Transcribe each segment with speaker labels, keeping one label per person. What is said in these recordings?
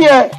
Speaker 1: Yeah.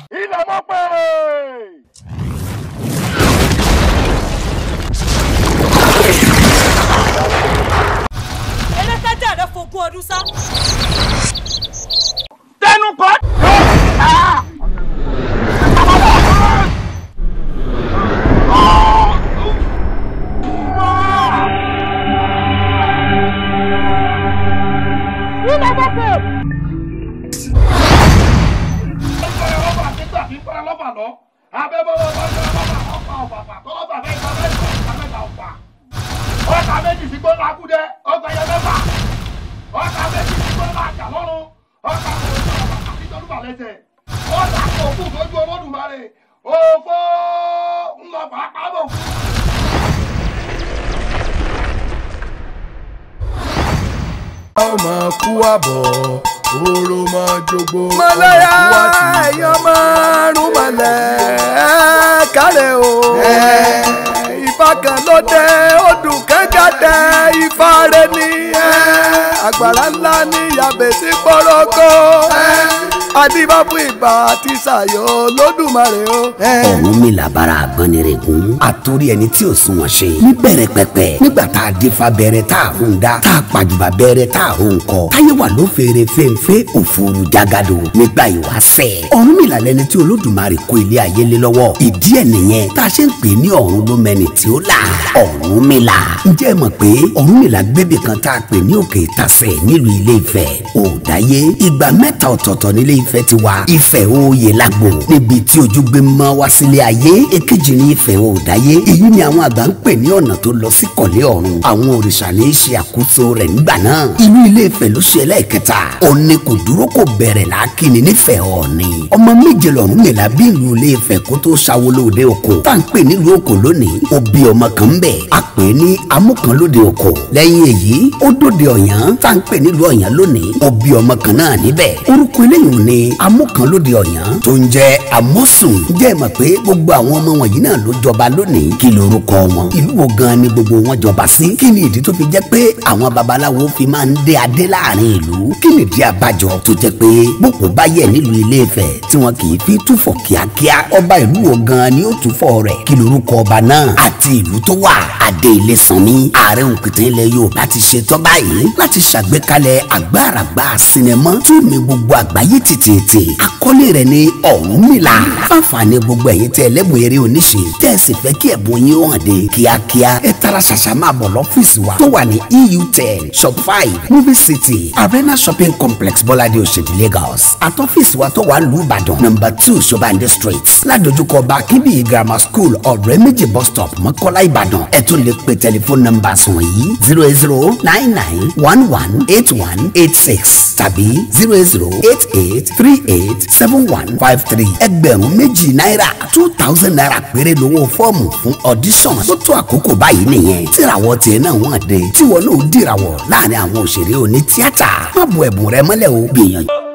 Speaker 1: ọmọ kú àbọ̀
Speaker 2: oró mọ jogbo
Speaker 3: ọmọ kú àti ẹ̀yọ́
Speaker 2: márùn mọ̀lẹ́ kárẹ̀ o ìfà kan ló dé odùn kan
Speaker 1: jáde ìfà rẹ ni àgbàrá ńlá ní yàbẹ̀ sí
Speaker 4: adébábù ìbà àti ṣàyọ̀ olódùmarè o.
Speaker 5: ọ̀hún mi làbára àgbọ̀nìrègún àtúrí ẹni tí ò sunwọ̀n ṣe ní bẹ̀rẹ̀ pẹ̀pẹ̀ nígbà tá a dífá bẹ̀rẹ̀ tá a hùn dá tá a pàjùbà bẹ̀rẹ̀ tá a hùn kọ táyé wà ló fèrè fèǹfé òfurufú jágàdo nígbà ìwáṣẹ̀ ọ̀hún mi làlẹ́ni tí olódùmarè kó ilé ayé lé lọ́wọ́ ìdí ẹ̀ nìyẹn tá a ṣe ń pè ní ọ̀hún ló mẹ́ni tí ó là ọ̀hún mi là ǹjẹ́ ẹ mọ̀ pé ọ̀hún mi là gbébì kan tá a pè ní òkè ìtàsẹ̀ nílùú ilé Ifẹ̀ òòdáyé ìgbà mẹ́ta ọ̀tọ̀ọ̀tọ̀ nílé Ifẹ̀ ti wá Ifẹ̀ òòyè lágbo níbi tí ojú gbé mọ́ wá sílé ayé èkejì ní Ifẹ̀ òòdáyé èyí ni àwọn àgbà ń pè ní ọ̀nà tó lọ sí kọ̀lé ọ̀run àwọn òrìṣà ní í ṣe àkóso rẹ̀ nígbà náà inú ilé Ifẹ̀ ló ṣe ẹlẹ́ẹ̀kẹta òní kò dúró kò bẹ̀rẹ̀ lákìní nífẹ̀ Ọọ̀ni ọmọ méje lọ́rùn mẹ́la bí ìlú ilé Ifẹ̀ kó tó ṣàwọlóde oko tá à ń pè nílùú oko lónìí òbí ọmọ kan ń oko lẹ́yìn èyí ó dòde ọ̀yàn tá à ń pè nílùú ọ̀yàn lónìí ni amúkànlóde ọ̀yàn tó ń jẹ́ amọ́sùn jẹ́ mọ̀ pé gbogbo àwọn ọmọ wọ̀nyí náà ló jọba lónìí kí lorúkọ wọn ìlú wo gan ni gbogbo wọn jọba sí kí ni ìdí tó fi jẹ́ pé àwọn babaláwo fi máa ń dé adé láàrin ìlú kí ni ìdí àbájọ tó jẹ́ pé bókò bá yẹ nílùú ilé Ifẹ̀ tí wọn kì í fi túfọ̀ kíákíá ọba ìlú wo gan ni ó túfọ̀ rẹ̀ kí lorúkọ ọba náà àti ìlú tó wà adé ilé sanmi ààrẹ òkìtì ilẹ̀ Yorùbá ti ṣetán báyìí láti ṣàgbékalẹ̀ àgbàràgbà sinimá fíìmù gbogbo àgbáyé ti tètè àkọlé rẹ̀ ní Ọ̀rúnmìlà fáfàní gbogbo ẹ̀yin tẹ́ ẹlẹ́bùn eré oníṣe tẹ́ ẹ sì fẹ́ kí ẹ̀bùn yín ó hàn dé kíákíá ẹ tara ṣàṣà máa bọ̀ lọ́fíìsì wa tó wà ní EU ten shop five movie city arena shopping complex bọ́ládé òṣèdì Lagos àtọ́fíìsì wa tó wà ní Ìbàdàn nọ́mbà two Ṣobande street ládojúkọ Bakíbí grammar school ọ̀rẹ́ méjì bus stop Mọ́kọ́lá Ìbàdàn ẹ tún lè pe tẹlifóònù nọ́mbà sùn yìí zero zero nine nine one one eight one eight six tàbí zero zero eight eight three eight seven one five three ẹgbẹ̀rún méjì náírà two thousand naira péré lówó fọ́ọ̀mù fún audition tó tó àkókò báyìí nìyẹn tìràwọ̀ tiẹ̀ náà wọ́n dé tíwọ́ náà dìràwọ̀ láàrin àwọn òṣèré oní tíátà má bu ẹ̀bùn rẹ mọ́lẹ̀ o gbìyànjú.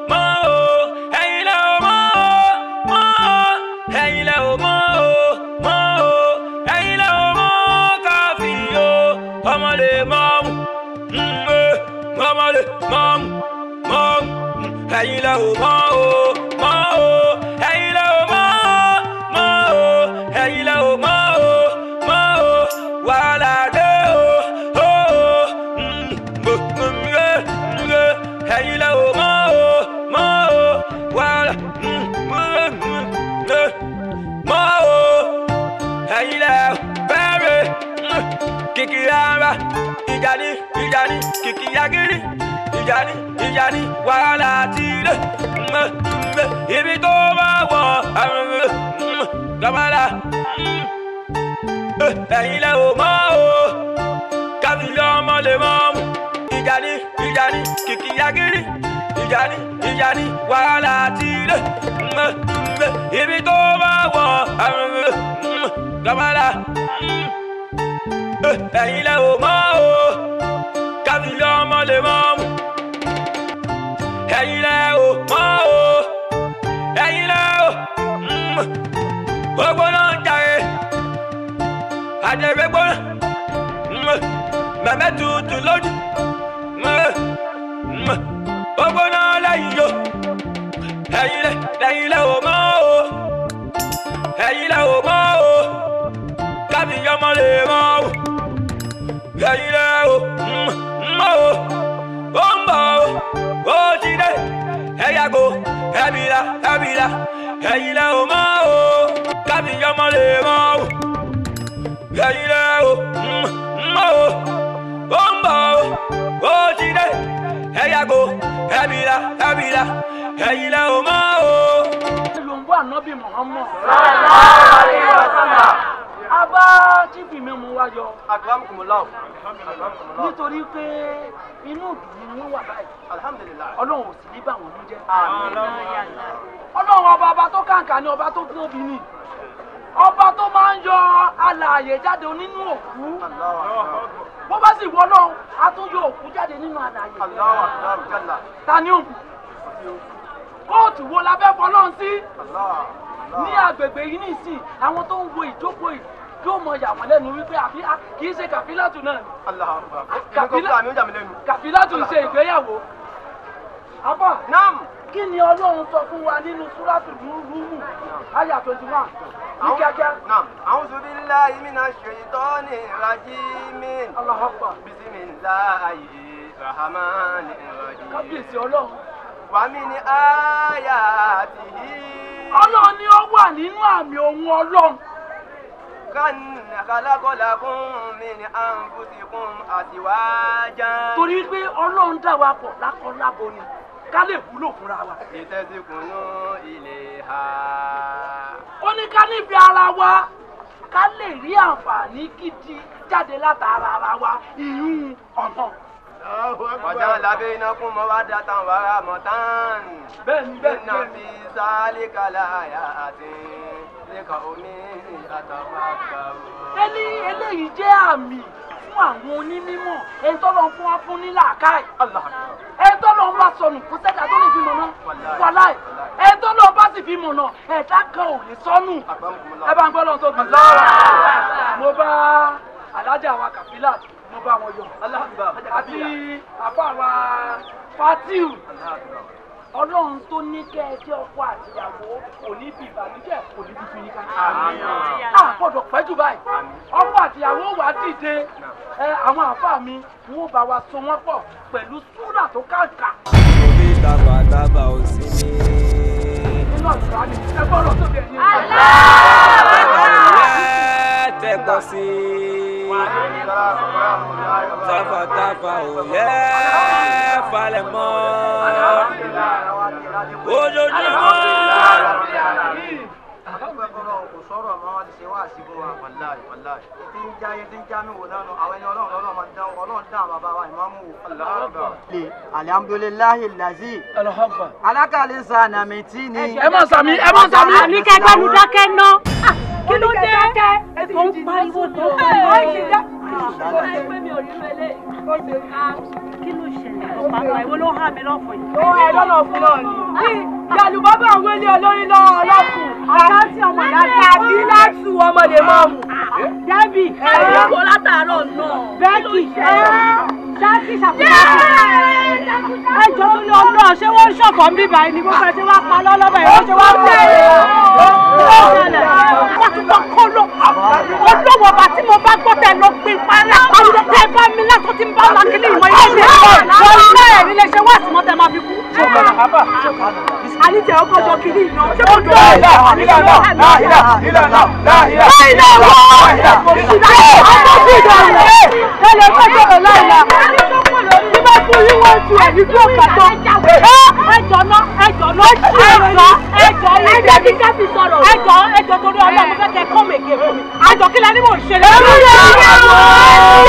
Speaker 6: ẹ̀yin lẹ o mọ̀ o mọ̀ o ẹ̀yin lẹ o mọ̀ o o ẹ̀yin lẹ o mọ̀ o mọ̀ o wàhálà dé o o o mm, gbogbo nre nre ẹ̀yin lẹ ò mọ̀ o mọ̀ o wàhálà nre mm, nre mọ̀ o ẹ̀yin lẹ bẹ̀rẹ̀ mm, kìkì ara ìjà ni ìjà ni kìkì agiri ìyá ni ìyá ni wàhálà ti lé ibi tó bá wọ̀ gbàmàlà ẹ̀yin lẹ ò mọ̀ o kábílẹ̀ ọmọ lè mọ̀ mu ìjà ni ìjà ni kìkì yagiri ìjà ni ìjà ni wàhálà ti lé ibi tó bá wọ̀ gbàmàlà ẹ̀yin lẹ ò mọ̀ o.
Speaker 7: Muhammad. Sallallahu
Speaker 3: alaihi wasallam. A bá
Speaker 7: jíìpì mi mú wá yọ. Alhamdulillah.
Speaker 3: Nítorí pé
Speaker 7: inú ìdùnnú ni wọ́n wà báyìí. Alhamdulillah. Ọlọ́run ò sì ní bà wọ́n jẹ́. Ọlọ́run ọba ọba tó kàǹkà ni ọba tó kún obìnrin. Ọba tó máa ń yọ alààyè jáde nínú òkú. Bó bá sì wọ náà, a tún yọ òkú jáde nínú alààyè. Ta ni òkú? kóòtù wo la fẹ́ fọlọ́run sí ní agbègbè yìí nìsín àwọn tó ń wo ìjókòó yóò mọ yà wọ́n wípé àfi kì í ṣe kàfílàtù náà ni kàfílàtù ń ṣe ìgbéyàwó àbọ̀ kí ni ọlọ́run sọ fún wa nínú súrátù rúmù àyà twenty one ní kíákíá. a'udhu billahi minash shaitani rajim. Allahu akbar. bismillahir rahmanir rahim. kábíyèsí ọlọ́run wàmí ni àyà àti yìí. ọlọ́run ni ó wà nínú àmì ohun ọlọ́run.
Speaker 2: kánà kálákọ́lá kún mi ní àǹfùsì kún àtiwájà. torí
Speaker 7: pé ọlọ́run dá wa pọ̀ lákọ́lábo ni ká lè wúlò fúnra wa. ìtẹ́síkùnú ilé ha. ó ní ká níbi ara wa ká lè rí àǹfààní gidi jáde látara ara wa ìyún ọ̀nà ọjà lábẹ́ iná kún mọ́ wá da tán wàrà mọ́ tán. bẹ́ẹ̀ni bẹ́ẹ̀ni náà fi sálẹ̀ kala àyà àti lẹ́ka omi
Speaker 3: àtàwọn àgbà.
Speaker 7: ẹni eléyìí jẹ́ àmì fún àwọn onímọ̀ ẹni tó lọ fún wa fún ní làákàyè ẹni tó lọ bá sọnù kó sẹ́dá tó lè fi mọ̀ náà wàláì ẹni tó lọ bá sì fi mọ̀ náà ẹ̀dá kan ò lè sọnù ẹ bá ń gbọ́ lọ́n tó mo bá alájà wa kàfílà mo bá wọn yọ àti àfàwà fatiu ọlọ́run tó ní kẹ́ ẹ jẹ́ ọkọ àtìyàwó kò ní bí ìbànújẹ́ kò ní bí fìyíká. a gbọ́dọ̀ pẹ́ jù báyìí ọkọ àtìyàwó wà á dìde àwọn àáfàá mi wọ́n bá wa so wọ́n pọ̀ pẹ̀lú súrà tó kàǹkà.
Speaker 6: omi tàbà tàbà ò sí ní.
Speaker 7: nínú àtúrà ni ẹ gbọ́dọ̀ tóbi ẹ̀yìn. aláàbàtà.
Speaker 6: ẹ tẹ́gbọ́ sí i tafatafa ò oh, yẹ falẹ̀ mọ́
Speaker 3: ojoojúmọ́. Kò sọ̀rọ̀
Speaker 2: mọ́ wọn ti ṣe wá àṣìbò wa. Wàláì wàláì. Tí ń jáyé tí ń já mi wò lánàá, àwọn ẹni ọlọ́run lọ́nà máa ń dá
Speaker 3: ọlọ́run dá àwọn bàbá
Speaker 2: wa lazi. Alákàlẹ̀ sànàmì ni. Ẹ má sàmì ẹ má sàmì. Àníkẹ́ gbẹ́nu dákẹ́ ná
Speaker 8: kí ló dé ẹ̀kọ́ ń pariwo tó. Ah, kí ló ṣẹlẹ̀ ló pa ọ́ ìwọ ló hà mí lọ́fọ̀ yìí. ó ẹ lọ́nà fún náà ni yàlùbọ́ bá wọ́n lé olórí lọ́wọ́ ọlọ́kùn àkáǹtì ọmọ dáadáa tàbí láti ọmọdé mọ́ mu. dẹ́bì ẹ̀rọ kò látàárọ̀ náà. bẹ́ẹ̀kì ṣáàtì ṣàkóso ẹjọ́ ní ọdún ọ̀ṣẹ́ wọ́n ń ṣọ̀fọ̀ ń bíbá ẹni gbogbo ẹṣẹ́ wá pa lọ́lọ́bẹ̀ ẹ̀rọ ṣe wá pọ̀ olówó bá tí mo bá gbọ́ tẹ̀ lọ gbé pa ẹ̀ lápá tẹ̀ bá mi lásán tí ń bá wa kí ni ìwọ ilé ṣe ń bọ̀ ilé rẹ̀ nílé ṣe wá sí mọ́tẹ́ máa fi kú. ṣé o kọ̀ọ̀nà bàbá àní tẹ ọkọ̀ jọ kiri iná ṣé kò dùn ọ́. ilà ilà
Speaker 3: ilà ilà ilà ilà ilà ilà wọ. ilà ọkọ̀ sí
Speaker 8: ìdọ̀rùn ẹ̀ ẹ̀ lè fẹ́ jọ̀rọ̀ láìla. bí bá fún yín wọ́n ju ẹ̀yìn tó kàtó ẹjọ náà ẹjọ náà ẹjọ ẹjọ ilé ẹjọ ti já fi sọ̀rọ̀ ẹjọ ẹjọ torí Ọlọ́run mo fẹ́ kẹ́ kọ mèké fún mi àjọ kí la ní mò ń ṣe lẹ́yìn. ẹ̀rù yẹn ń yàgò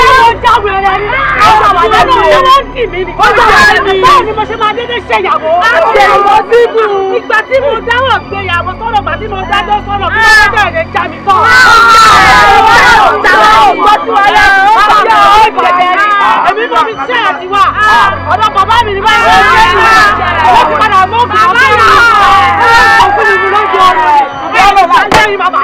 Speaker 8: ẹ̀rù jáwé rẹ ni ọjọ́ wà lẹ́nu o ọjọ́ ń dì mí ni wà lẹ́nu o báwo ni mo ṣe máa dédé ṣe ìyàwó. àṣeyàwó dídùn. ìgbà tí mo dáwọ̀ gbé ìyàwó sọ̀rọ̀ gbà tí mo dájọ́ sọ̀rọ̀ bí wọ́n bẹ̀rẹ̀ já mi tán èmi mo fi ṣe àti wà ọ̀dọ̀ bàbá mi ni báyìí wọ́n ṣe ní wọ́n ti padà mọ́ ògùn ọ̀gbìn ọ̀gbìn ìlú lójú ọ̀rọ̀ ìgbà ọ̀gbìn ọ̀gbìn ìlú bàbá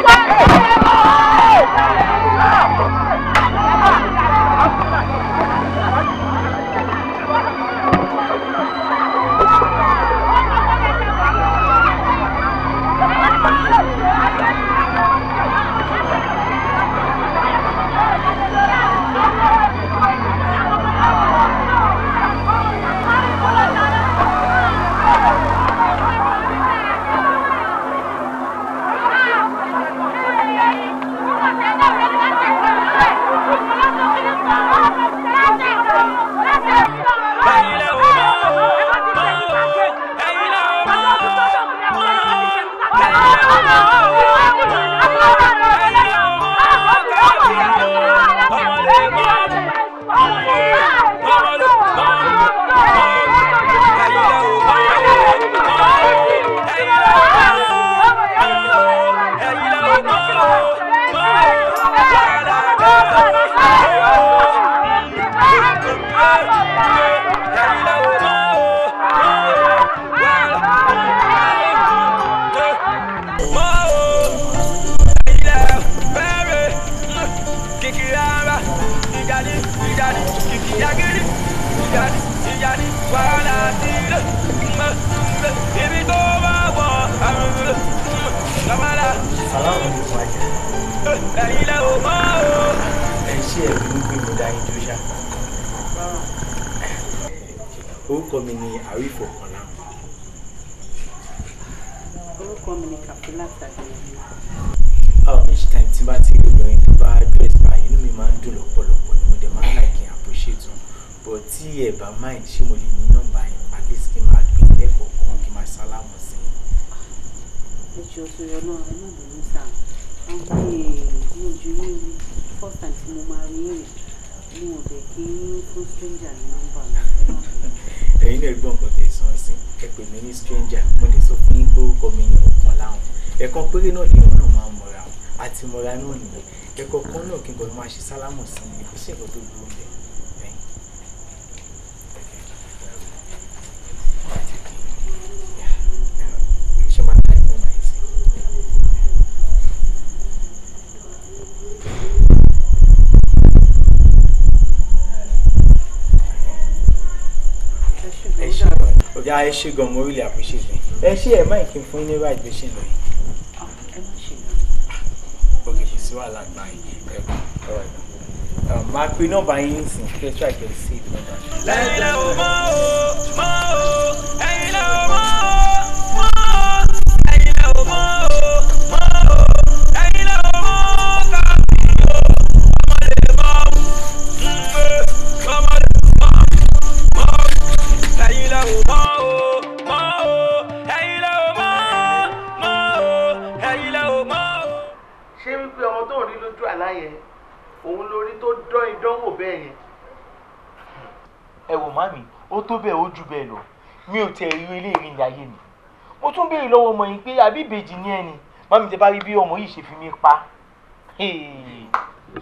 Speaker 6: aláwọ̀ mi wà jà. ẹ̀yin lẹ́ o mọ́ o. ẹ ṣe ẹ̀mí ń gbé mi dání tó ṣá.
Speaker 1: orúkọ mi ni àrífò kànlá. orúkọ mi ni kàfílà tàbí each time tí bá ti rí obìnrin tó bá dress báyìí inú mi máa ń dùn lọ́pọ̀lọpọ̀ ni mo dẹ̀ máa like and appreciate wọn but tí ẹ bá mind ṣé mo lè ní nọ́mbà yẹn at least kí n máa gbé lẹ́kọ̀ọ́ kan
Speaker 5: kí n máa sálámù ẹ ṣe oṣù yọ náà ẹ má bínú sá wọn pè é ní ojú yín rí first time tí mo máa rí rè mo ò bẹ̀ kí
Speaker 1: fún stranger ní nọ́mbà mi ẹ má bínú. ẹ̀yin náà gbọ́ nǹkan tẹ̀ sọ́n sí ẹ pè mí ní stranger mo lè sọ fún yín pé orúkọ mi ni òkun láwọn ẹ̀kan péré náà lèèyàn náà máa mọ̀ra àti mọ̀ra náà nìyẹn ẹ̀kọ̀ọ̀kan náà kí n kọ́ máa ṣe sálámù sí i kò sí ẹ̀kọ́ tó burú bẹ́ẹ̀. kọjá ẹ go, gan mo really appreciate ẹ ṣe ẹ máa kí n fún yín ní báyìí gbèsè lọ. Ah,
Speaker 6: ok kò sí wàhálà gbà yín ẹ̀kọ́
Speaker 1: máa pe nọ́mbà yín sìn kí ẹ
Speaker 6: try get see the number. lẹ́yìn lẹ́wọ̀ mọ́ o mọ́ o ẹ̀yìn lẹ́wọ̀ mọ́ o mọ́ o ẹ̀yìn lẹ́wọ̀ mọ́ o.
Speaker 1: àlá yẹn òun lórí tó dán ìdánwò bẹ́ẹ̀ yẹn. ẹ wò màmí ó tó bẹ́ẹ̀ ó jù bẹ́ẹ̀ lọ mi ò tẹ̀ irú ilé ìrìn ní ayé mi mo tún béèrè lọ́wọ́ ọmọ yìí pé àbí ìbejì ni ẹni màmí tẹ bá rí bí ọmọ yìí ṣe fi mí pa.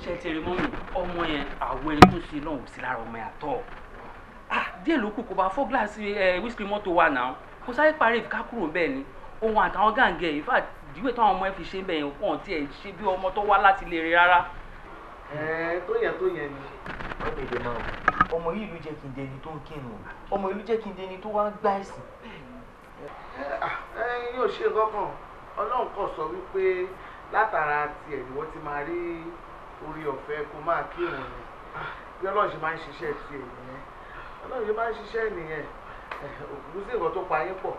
Speaker 7: ṣé ti rí mọ́mí ọmọ yẹn àwọn ẹni tó ṣe náà ò sí lára ọmọ yàtọ̀ ah, díẹ̀ ló kù kó bá fọ́ gíláàsì wíṣíkì mọ́tò wa náà kó sáré parí ìfikà bẹ́ẹ̀ ni òun àtàwọn gàǹgẹ̀ in ìdíwé táwọn ọmọ ẹ fi ṣe bẹ̀yẹn kàn tí ẹ ṣe bí ọmọ tó wá láti lè rí rárá.
Speaker 4: ẹ tó yẹ tó yẹ ni ọmọ èdè máa wọ ọmọ yìí ló jẹ́ kí n dẹni tó ń kírun ọmọ yìí ló jẹ́ kí n dẹni tó wá ń gbá ẹ̀sìn.
Speaker 1: ẹ yóò ṣe gọ́kàn ọlọ́run kàn sọ wípé látara tiẹ̀ ni wọ́n ti máa rí orí ọ̀fẹ́ kó máa kírun ni bí ọlọ́run ṣe máa ń ṣiṣẹ́ tiẹ̀ nìyẹn ọlọ́run ṣe máa ń ṣiṣẹ́ nìyẹn òkú sí ìwọ tó pa yín pọ̀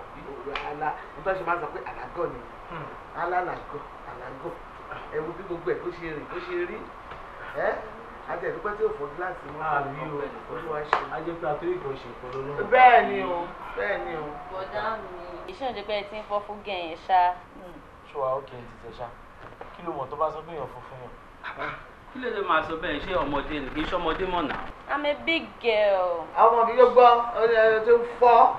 Speaker 1: àlà nítorí ṣe máa ń sọ pé àlágọ́ nìyẹn. Hmm. alálàgọ alago ẹwù bí gbogbo ẹ bó ṣe rìn bó ṣe rí ẹ àtẹnudúpẹ tí òfò gíláàsì mọ àbí o olúwa ṣe. ajẹ́ pé àtúrò ìbò ṣe ìpolówó náà. o bẹ́ẹ̀
Speaker 4: ni o.
Speaker 2: bọ̀dá mi. iṣẹ́ òde pé ẹ ti ń fọ́ fún gẹ̀yìn ṣá.
Speaker 7: ṣùgbọ́n òkè ti
Speaker 1: tẹ̀ ṣá kí ló mọ̀ tó bá sọ pé èèyàn funfun yàn
Speaker 7: kí ló dé máa sọ bẹ́ẹ̀ ṣé ọmọdé ni kì í ṣọmọdé mọ̀ náà.
Speaker 2: i'm a big girl. ọmọ mi ló gbọ́ ẹni tó ń fọ́.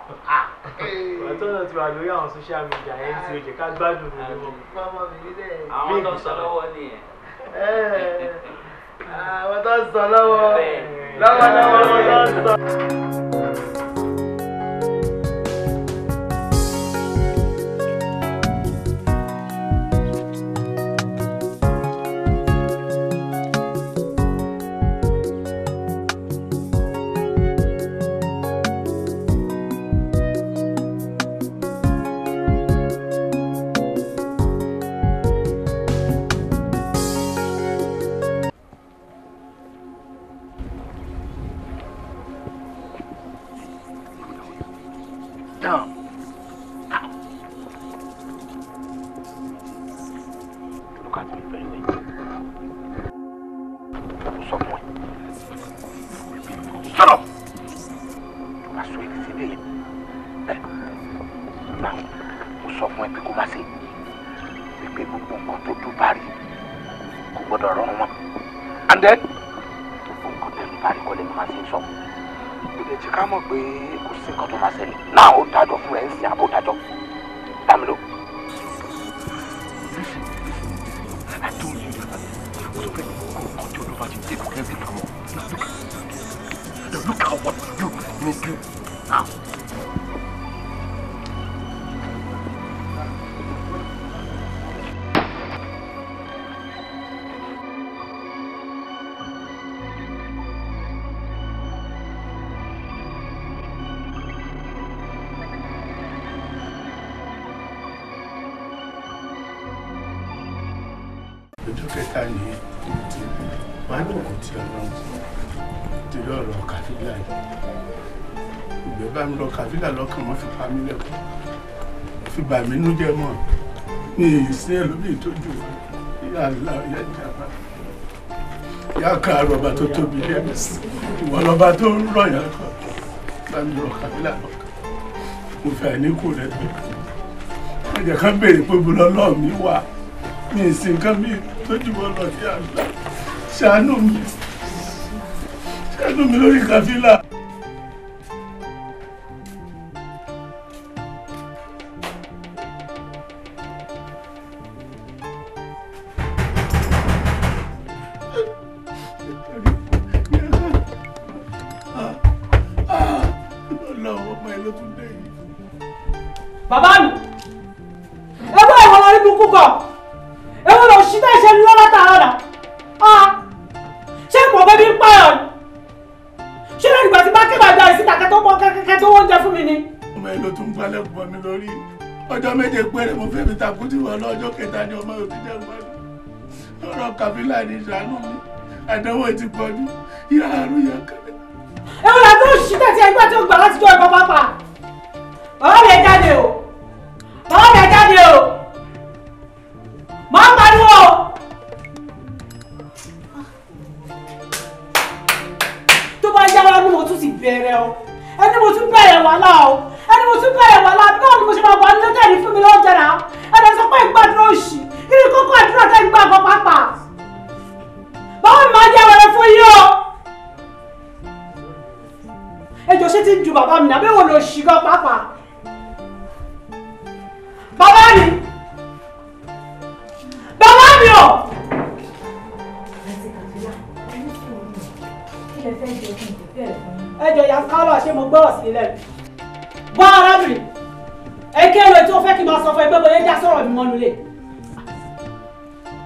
Speaker 1: Ah, ọ̀tọ́nà ti wà lórí àwọn social media ẹ̀ ń ti oje ká gbádùn ní ọmọ mi.
Speaker 2: ọmọ mi ní dẹ́. àwọn tó ń sọ lọ́wọ́ nìyẹn.
Speaker 1: àwọn tó ń sọ lọ́wọ́
Speaker 3: lọ́wọ́lọ́wọ́ tó ń sọ.
Speaker 9: kọ́lé ni màá ti ń sọ ìdè tí ká mọ̀ pé kò sí nǹkan tó máa ṣẹlẹ̀ náà ó dájọ́ fún rẹ̀ ń sìn àbó
Speaker 5: dájọ́ dámiló.
Speaker 3: Look how what you make you.
Speaker 1: kàfílà lọ́kàn wọ́n fi pa mí lẹ́kọ̀ọ́ fi bà mí nú jẹ́ mọ́ ní ìsín ẹ̀ lóbi ìtọ́jú ìyá àlá ìyá ìjàmbá ìyá kan ọba tó tóbi lẹ́nu sí ìwọ lọ́ba tó ń rọ̀yàn kan bá mi lọ kàfílà lọ́kàn mo fẹ́ àníkù rẹ̀ gbé wọ́n jẹ́ ká béèrè pé bọ́lá ọlọ́ọ̀ mi wà ní ìsìn nǹkan mi tójú wọn lọ sí àgbà ṣàánú mi ṣàánú mi lórí kàfílà. Daddy ṣàánú mi àdánwò ti pọ̀ jù ìyá àrùn ìyá kẹlẹ.
Speaker 8: ẹ wọ́n làtọ́ òṣìṣì tẹ̀sí ẹgbẹ́ tó gbà láti jọ ìbọn pápá bàbá rẹ̀ jáde o bàbá rẹ̀ jáde o máa pariwo o. tó bá yá wa ni mo tún ti bẹ̀rẹ̀ o ẹni mo tún bẹ̀rẹ̀ wàhálà o ẹni mo tún bẹ̀rẹ̀ wàhálà báwo ni mo ṣe máa wà ní lọ́jọ́ ìfúnmi lọ́jọ́ náà ẹni sọ pé ìgbàdúrà òṣì kí ni kókó àdúrà tẹ́ ń gbà bọ́ pápá báwo máa jẹ́ wẹ̀rẹ̀ fún yín o. ẹjọ́ ṣé ti ń ju bàbá mi náà bẹ́ẹ̀ wo ló ṣì gan pàápàá. bàbá mi bàbá mi o. ẹjọ́ ìyá kálọ̀ ṣé mo gbọ́rọ̀ sí lẹ́nu. gbọ́ arábìnrin ẹ kéré tí ó fẹ́ kí n máa sọ fún ẹ pé bóyá já sọ̀rọ̀ mi mọ́nu lé.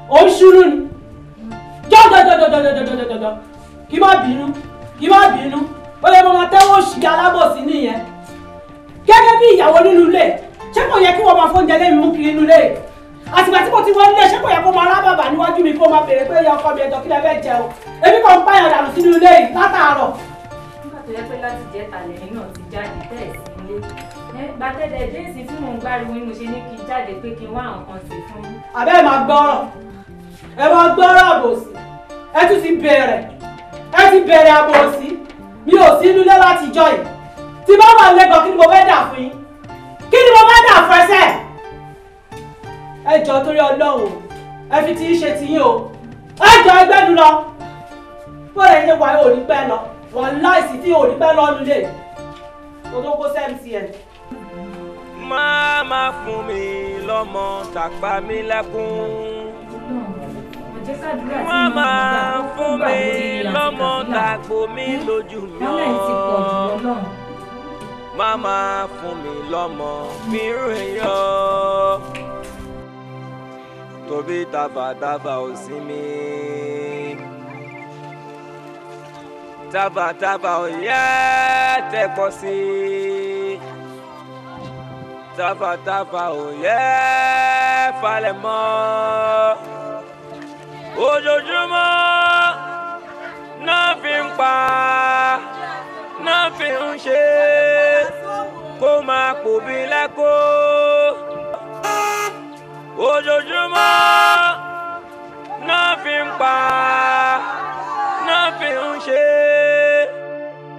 Speaker 8: ó ń ṣúrú ni jọ́jọ́jọ́jọ́jọ́jọ́jọ́jọ́ kí má bínú kí má bínú ó lè mọ máa tẹ́wọ́ òṣìṣẹ́ alábòsí nìyẹn gẹ́gẹ́ bí ìyàwó nínú ilé ṣé kò yẹ kí wọ́n máa fóúnjẹ lé mú kiri nínú ilé àtìgbà tí mo ti wọ nílé ṣé kò yẹ kó máa rábàbà níwájú mi kó máa béèrè pé ọkọ mi ẹ̀dọ̀ kí lẹ fẹ́ jẹ o èmi kàn ń báyọ̀ dànù sínú ilé látàárọ̀. nígbà tó yẹ pé láti jẹ́ tàlẹ́yìn náà ti jáde tẹ́ sí ilé gbàtẹ́dẹ̀ ẹ máa gbọ́rọ̀ àbòsí ẹ tún ti bẹ̀rẹ̀ ẹ ti bẹ̀rẹ̀ àbòsí mi ò sí inú ilé láti jọ yìí tí bá wà lẹ́gọ̀ọ́ kí ni mo fẹ́ dà fún yín kí ni mo fẹ́ dà fún ẹsẹ̀ ẹ jọ torí ọlọ́run ẹ fi ti ń ṣe tiyín o ẹ jọ ẹgbẹ́ dùn lọ bó lè ṣe wà ẹ ò ní pẹ́ lọ wọn láìsí tí ò ní pẹ́ lọ́nu lè kó tó kó sẹ́mtn.
Speaker 6: máa máa fún mi lọ́mọ tàpá mi lẹ́kún
Speaker 3: wọ́n
Speaker 6: máa fún mi lọ́mọ tàpó mi lójú mi ọ́ wọ́n máa fún mi lọ́mọ mi rìn yọ tóbi tàbàtàbà ò sí mi tàbàtàbà ò yẹ tẹ́pọ̀ sí tàbàtàbà ò yẹ falẹ̀ mọ́ ojoojúmọ́ náà fi ń pa náà fi ń ṣe kó máa pòbí lẹ́kọ́ ojoojúmọ́ náà fi ń pa náà fi ń ṣe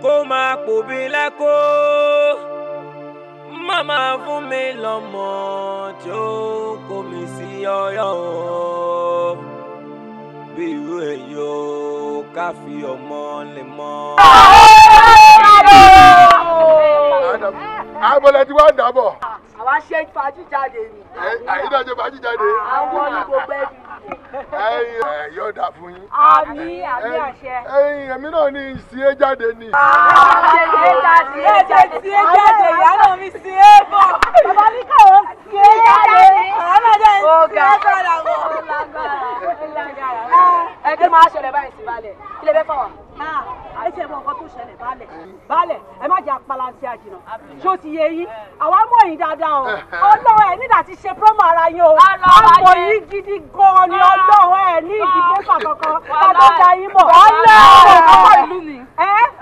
Speaker 6: kó máa pòbí lẹ́kọ́ màmá fún mi lọ́mọ tí ó kó mi sí ọyọ́ o bí irú èyí
Speaker 3: o ká fi ọmọ lè mọ.
Speaker 10: àbọ̀lẹ̀ tí dàbọ̀. àwa ṣe fàájì jáde ni. àyínájọ fàájì jáde. àwọn ni kò gbẹ́bí ẹ yóò dà fún
Speaker 3: yín. àmì àmì àṣẹ. ẹyin
Speaker 10: èmi náà ní ìsìé jáde ni.
Speaker 3: ṣèṣe jáde ṣèṣe sí é jáde ìyá náà mi sí é bọ̀. bàbá
Speaker 8: mi káwọn sí é jáde àwọn náà jẹ́ sí é padà
Speaker 3: wọ̀. ẹ máa ṣẹlẹ̀ báyìí
Speaker 8: sí balẹ̀ kí lè fẹ́ fọwọ́ ẹ ṣe mọ nǹkan tó ṣẹlẹ̀ baálẹ̀ baálẹ̀ ẹ má jẹ́ apalansi àjìnà ṣó ti yé yín àwa mọ̀ yín dáadáa o ọlọ́run ẹ̀ nígbà tí ṣe promo ara yín o àpò yín gidi gan-an ni ọlọ́run ẹ̀ ní ìdílé kankan kájọ́ da yín mọ̀. ọlọ́ ọkọ ìlú ni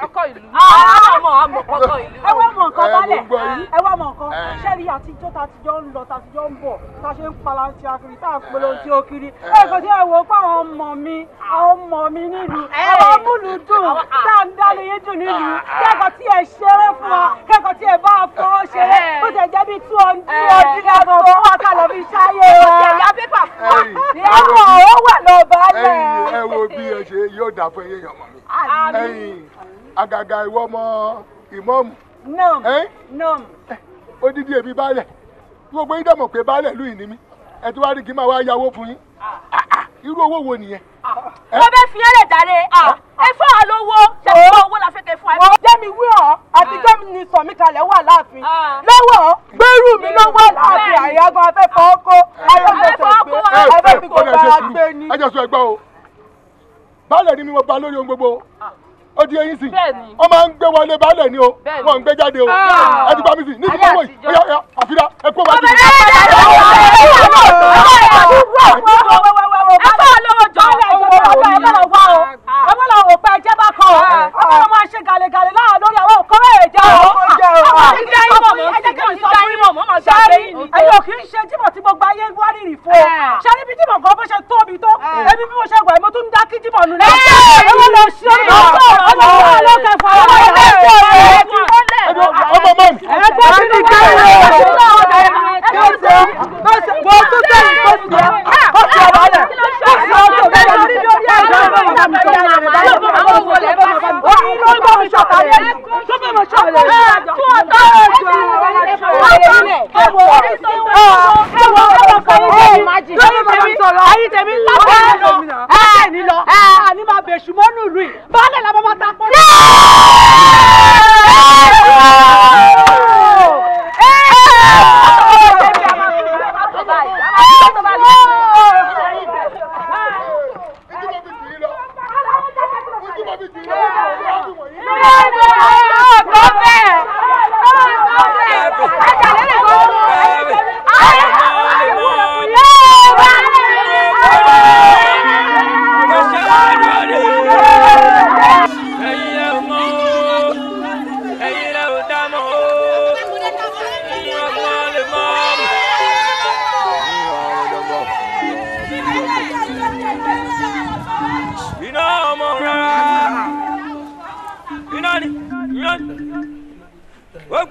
Speaker 8: ọkọ ìlú
Speaker 3: ah! ọmọ ọmọ ọkọ ìlú. ẹ wá mọ nǹkan eh, baálẹ̀ eh,
Speaker 8: ẹ wá mọ nǹkan eh. ṣẹ́ni àtijọ́ tàtijọ́ ń lọ tàtijọ́ ń bọ̀ tá a ṣe ń palansi àkiri tá a polo ti o kiri ẹ kò tí ẹ wò ó pé àwọn ọmọ mi àwọn ọmọ mi nílùú dùn tá à ń dánú yín dùn nílùú ah, ah. kẹ́kọ̀ọ́ tí ẹ ṣeré fún wa ah. kẹ́kọ̀ọ́ tí ẹ bá fọwọ́ ṣeré eh. ó ti jẹ́ bí two hundred díẹ̀ bọ̀ fún wa ká lọ fi ṣáyé wa. ẹ̀yà pépà wà lọ́ọ̀bà lẹ̀.
Speaker 10: ẹ wo bí ẹ ṣe yóò dà fún eyín ọmọ mi ẹ̀yin ìwọ ọmọ ìmọ̀ọ́mù. nọ́ọ̀mù odidi èmi baálẹ̀ gbogbo yín dẹ̀ mọ̀ pé baálẹ̀ lù yín ní mi ẹ̀ tí wàá rí kí n máa wá yáwó fún yín irú owó wo nìyẹn. wọ́n ah. bẹ
Speaker 8: fi ẹlẹ̀ dáre ah. ah. ẹ fún wa lówó ṣe fún owó la fẹ́ kẹ́ fún wa. Oh. jẹ́mi wí ọ́ àtijọ́ mi ni sọ̀mí kalẹ̀ wà láàfin lọ́wọ́ gbẹ́rù mi ló wà láàfin àyàgàn
Speaker 10: afẹ́fọ́ kó ayọ́mọ̀sẹ̀ gbé afẹ́fọ́ kó bá a gbé ni. ẹ jẹ́ sọ ẹgbẹ́ o báyìí ni mi mo ba lórí ohun gbogbo ó di eyín sí i wọ́n máa ń gbé wọlé baálẹ̀ ni o wọ́n ń gbé jáde o ẹ ti pàmì sí i ní ìdílé wọ̀nyí ó yà àfihàn ẹ kó wá sí i.
Speaker 8: ọ̀bẹ̀rẹ̀ ẹ̀ lọ wò pé ẹjẹ́ bá kọ́ ọ ọmọ máa ṣe gàlẹ́gàlẹ́ láwọn lórí àwọn òkọ́ rẹ̀ jẹ́ ẹjẹ́ kí n sọ fún yín mọ̀ mọ́ kì í ṣe jímọ̀ tí gbogbo ayé ń wárì fún ọ ṣe níbi jímọ̀ kan bó ṣe tóbi tó ẹbí bí mo ṣe gbà mo tún dá kí jímọ̀ nù lẹ́yìn ọmọ mọ́ mi ṣe bó tó sẹ́yìn kó sì yẹ kó sì ọ̀rọ̀ rẹ̀ kó sì ọ̀rọ̀ rẹ̀ lọ sí lórí ẹ̀jọ̀ ló ń bá mi sọ yẹn lọ ló ń bá mi sọ yẹn ló ń bá mi sọ yẹn tó bá mi sọ yẹn lọ. kú ọ̀tọ̀ ọ̀tọ̀ ẹ̀wọ̀
Speaker 3: ẹ̀wọ̀ ẹ̀wọ̀ kan yìí tẹ̀mí lórí bàbá mi sọ̀rọ̀ ayé tẹ̀mí lọ
Speaker 8: ẹ̀ ní lọ ẹ̀ ní máa bẹ̀ṣù mọ́nú ìlú yìí bá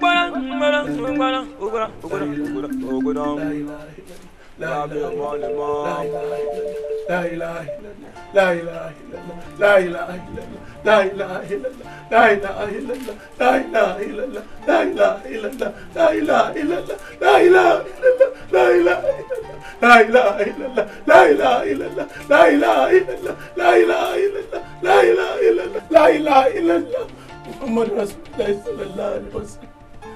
Speaker 6: Ogbono, ogbono, ogbono, ogbono, ogbono, ogbono. Love your money, mom. لا إله
Speaker 1: لا إله لا إله لا إله لا إله إلا الله لا إله إلا الله لا إله إلا الله لا إله إلا الله لا إله إلا الله لا إله إلا الله لا إله إلا الله لا إله إلا الله لا إله إلا الله لا إله إلا الله لا إله إلا الله محمد رسول الله صلى الله عليه وسلم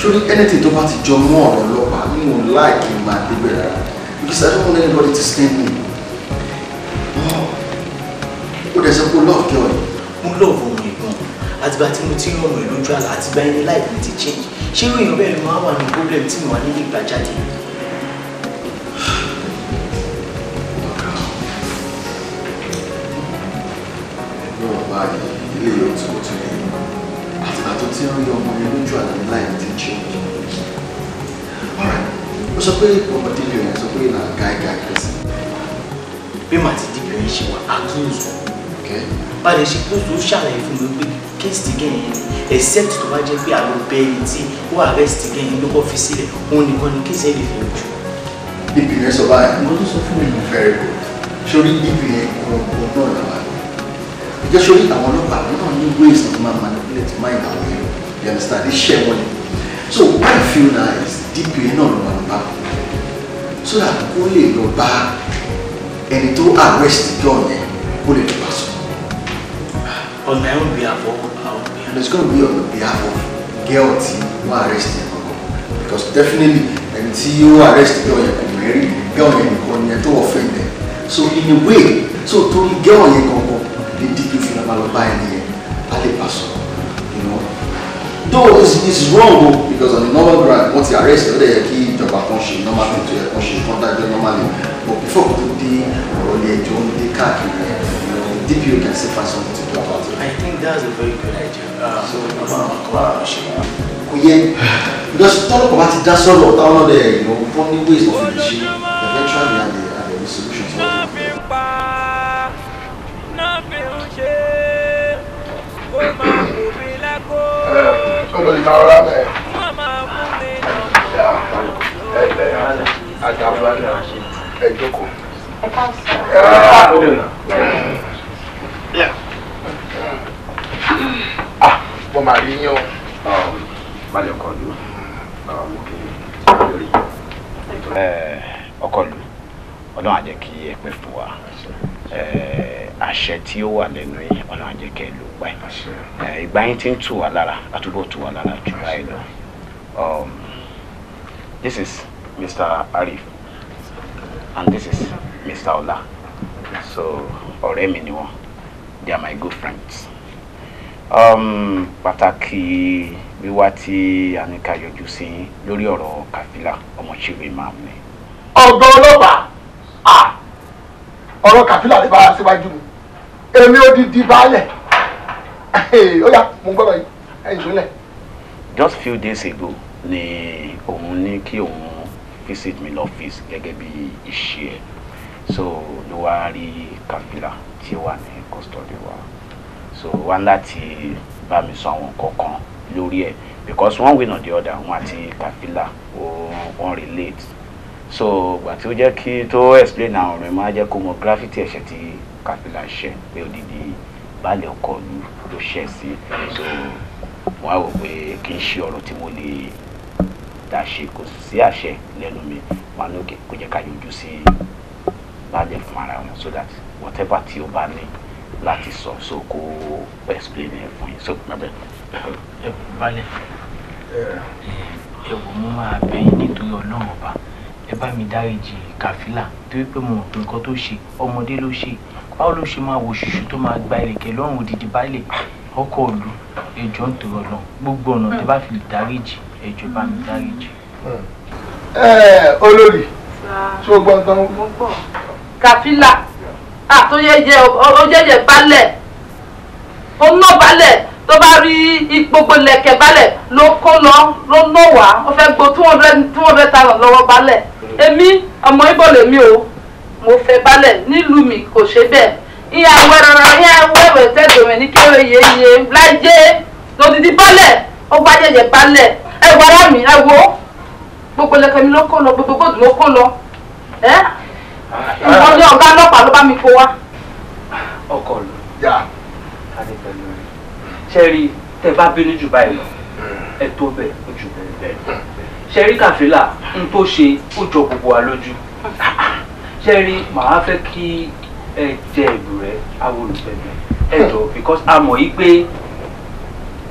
Speaker 4: ṣórí anything tó bá ti jọ or ọ̀rọ̀ you mi like láìkí máa débẹ̀ because I don't want anybody to scare me.
Speaker 5: ó dẹ̀ a good love kẹ́ ọ̀
Speaker 4: mo love ohun ìgbọ̀n àtìgbà tí mo ti rí
Speaker 1: ọmọ ìlú jọ́lá àtìgbà ẹni láìpẹ́ mi ti change She will be able to máa wà ní problem tí mo wà nílé ìgbà jáde.
Speaker 4: ilé yóò tún tún àtìgbà tó ti ń rí ọmọ yẹn lójú àlá mi láì guy guy person bí màá ti dìbò yẹn ṣe wà á close balẹ̀ ṣe close ó ṣàlàyé fún mi pé except tó bá jẹ́ pé àlọ́ bẹ́ẹ̀ tí ó arrest gẹ̀ yẹn ló kọ́ fi sílẹ̀ òun nìkan ni case yẹn lè fi ojú. dìbò yẹn sọ báyìí mo very good sórí dìbò yẹn kọ̀ọ̀kan náà jẹ́ sórí àwọn ọlọ́pàá àwọn náà ní ways of man manipulate mind àwọn èèyàn you understand this share money. so why I feel na is DPA náà ló máa bá so that kó lè lọ bá ẹni tó arrest John yẹn kó lè lọ bá sọ. on my own behalf of. our and it's gonna be on the behalf of girl tí wọ́n arrest yẹn kankan because definitely ẹni tí yóò arrest John yẹn kò mẹ́rin girl yẹn nìkan yẹn tó offend them so in a way so torí girl yẹn kan lọ bá ẹni yẹn á lè bá sọ you know though it's it's wrong o because on the normal ground wọ́n ti arrest ẹ̀ lọ́dẹ̀ yẹ kí ìjọba kan ṣe normal thing tó yẹ kan ṣe kan dájọ́ normally but before kò tó dé ọ̀rọ̀ ilé ẹjọ́ ń dé káàkiri ẹ̀ DPO can still find something to do about it. I think that's a very good idea. Uh, so, Baba Makwa Shima. Kò yẹ, because tọ́lọ́pọ̀ bá ti dá sọ́lọ̀ táwọn ọ̀dẹ̀ ẹ̀ lọ, wọ́n ní ways of finishing eventually and the and the solutions. mélòó ni máa rọra bẹ́ẹ̀. àdàbọ̀ ẹ jókòó. ẹ ká sọ.
Speaker 9: ah wọ́n máa rí yín o. balẹ̀ um, ọkọ̀ ló bàbá mú kí lórí ọkọ̀ ló ọlọ́run á jẹ́ kí ẹ pẹ́ fún wa àṣẹ tí ó wà lẹ́nu yìí ọlọ́run jẹ́ kẹ́ ẹ ló pa ìgbà yín ti ń tù wá lára àtúbọ̀ tù wá lára jù báyìí lọ. Um, this is Mr. Arif and this is Mr. Ola so ọ̀rẹ́ mi ni wọ́n they are my good friends. Um, pàtàkì wíwá tí anika yọjú sí lórí ọ̀rọ̀ kàfílà ọmọ ṣèwé máa ń ní. ọ̀gá ọlọ́pàá ah! ọ̀rọ̀ kàfílà lè bá a
Speaker 10: síwájú mi èmi ò di di baálẹ̀ ó yá mo gbọ́dọ̀ yìí
Speaker 9: ẹ̀yìn just few days ago ni òun ní kí òun visit mi lọ́fíìsì gẹ́gẹ́ bí iṣẹ́ ẹ̀ so ló wá rí kàfílà tí ó wà ní custody wa so wá láti bá mi sọ àwọn kọ̀ọ̀kan lórí ẹ̀ because one way or the other wọn àti kàfílà wọn relate so gbà tí ó jẹ́ kí tó explain àwọn ọ̀rọ̀ ẹ̀ máa jẹ́ kó mọ gravity ẹ̀ṣẹ̀ tí kábílà ṣẹ pé odidi baálé ọkọ ìlú ló ṣẹ sí so mo á wò pé kì í ṣe ọ̀rọ̀ tí mo lè dá ṣe kò sí àṣẹ lẹ́nu mi màá ní kò jẹ́ ká yọjú sí baálé fún ara wọn so that whatever tí o bá ní láti sọ so kó explain ẹ fún yín so bẹ́ẹ̀ baálé
Speaker 1: ẹ wò mo máa bẹ̀ yín nítorí ọlọ́run ọba ẹ bá mi dáríjì kàfílà torí pé mo mọ̀ pé nǹkan tó ṣe ọmọdé ló ṣe báwo ló ṣe máa wò ṣíṣú tó máa gba ìrèké lọ́rùn òdìdí báyìí ọkọ̀ òlu ẹjọ́ ń tọrọ lọ gbogbo ọ̀nà tó bá fi lè dáríjì ẹjọ́ bá mi dáríjì. olórí tí o gbọ́ ń tán.
Speaker 8: kàfílà àtúnyẹjẹ ọjẹjẹ balẹ̀ ó ná balẹ̀ tó bá rí gbogbo lẹ̀kẹ̀ balẹ̀ ló kó lọ ló ná wá ó fẹ́ gbó two hundred thousand lọ́wọ́ balẹ̀ èmi ọmọ Ìbò lèmi o mo fẹ́ balẹ̀ nílùú mi kò ṣe bẹ́ẹ̀ ìyá wẹ́rọ̀rọ̀ ìyá wẹ́wẹ́ tẹ́gbẹ̀mẹ ní kéwé yeye láyé lòdìdí balẹ̀ ó gba ayẹyẹ balẹ̀ ẹ wọ ara mi ẹ wo gbogbo lẹkẹ mi ló kó lọ gbogbo gbòdì ló kó lọ ẹ ìwọ ní ọgá ọlọ́pàá ló bá mi kó wa.
Speaker 7: ọkọ ló yá adé pẹ̀lú rẹ ṣẹrí tẹ bá bínú jù báyìí lọ hmm. ẹ tó bẹ́ẹ̀ ó jù bẹ́ẹ̀ bẹ́ẹ̀ ṣẹrí kàfílà ń tó ṣe ó jọ gbogbo wa lójú. Hmm ṣẹ́rí màá fẹ́ kí ẹ jẹ ìlú rẹ àwọn olùfẹ́mi ẹ jọ because a mọ̀ yí pé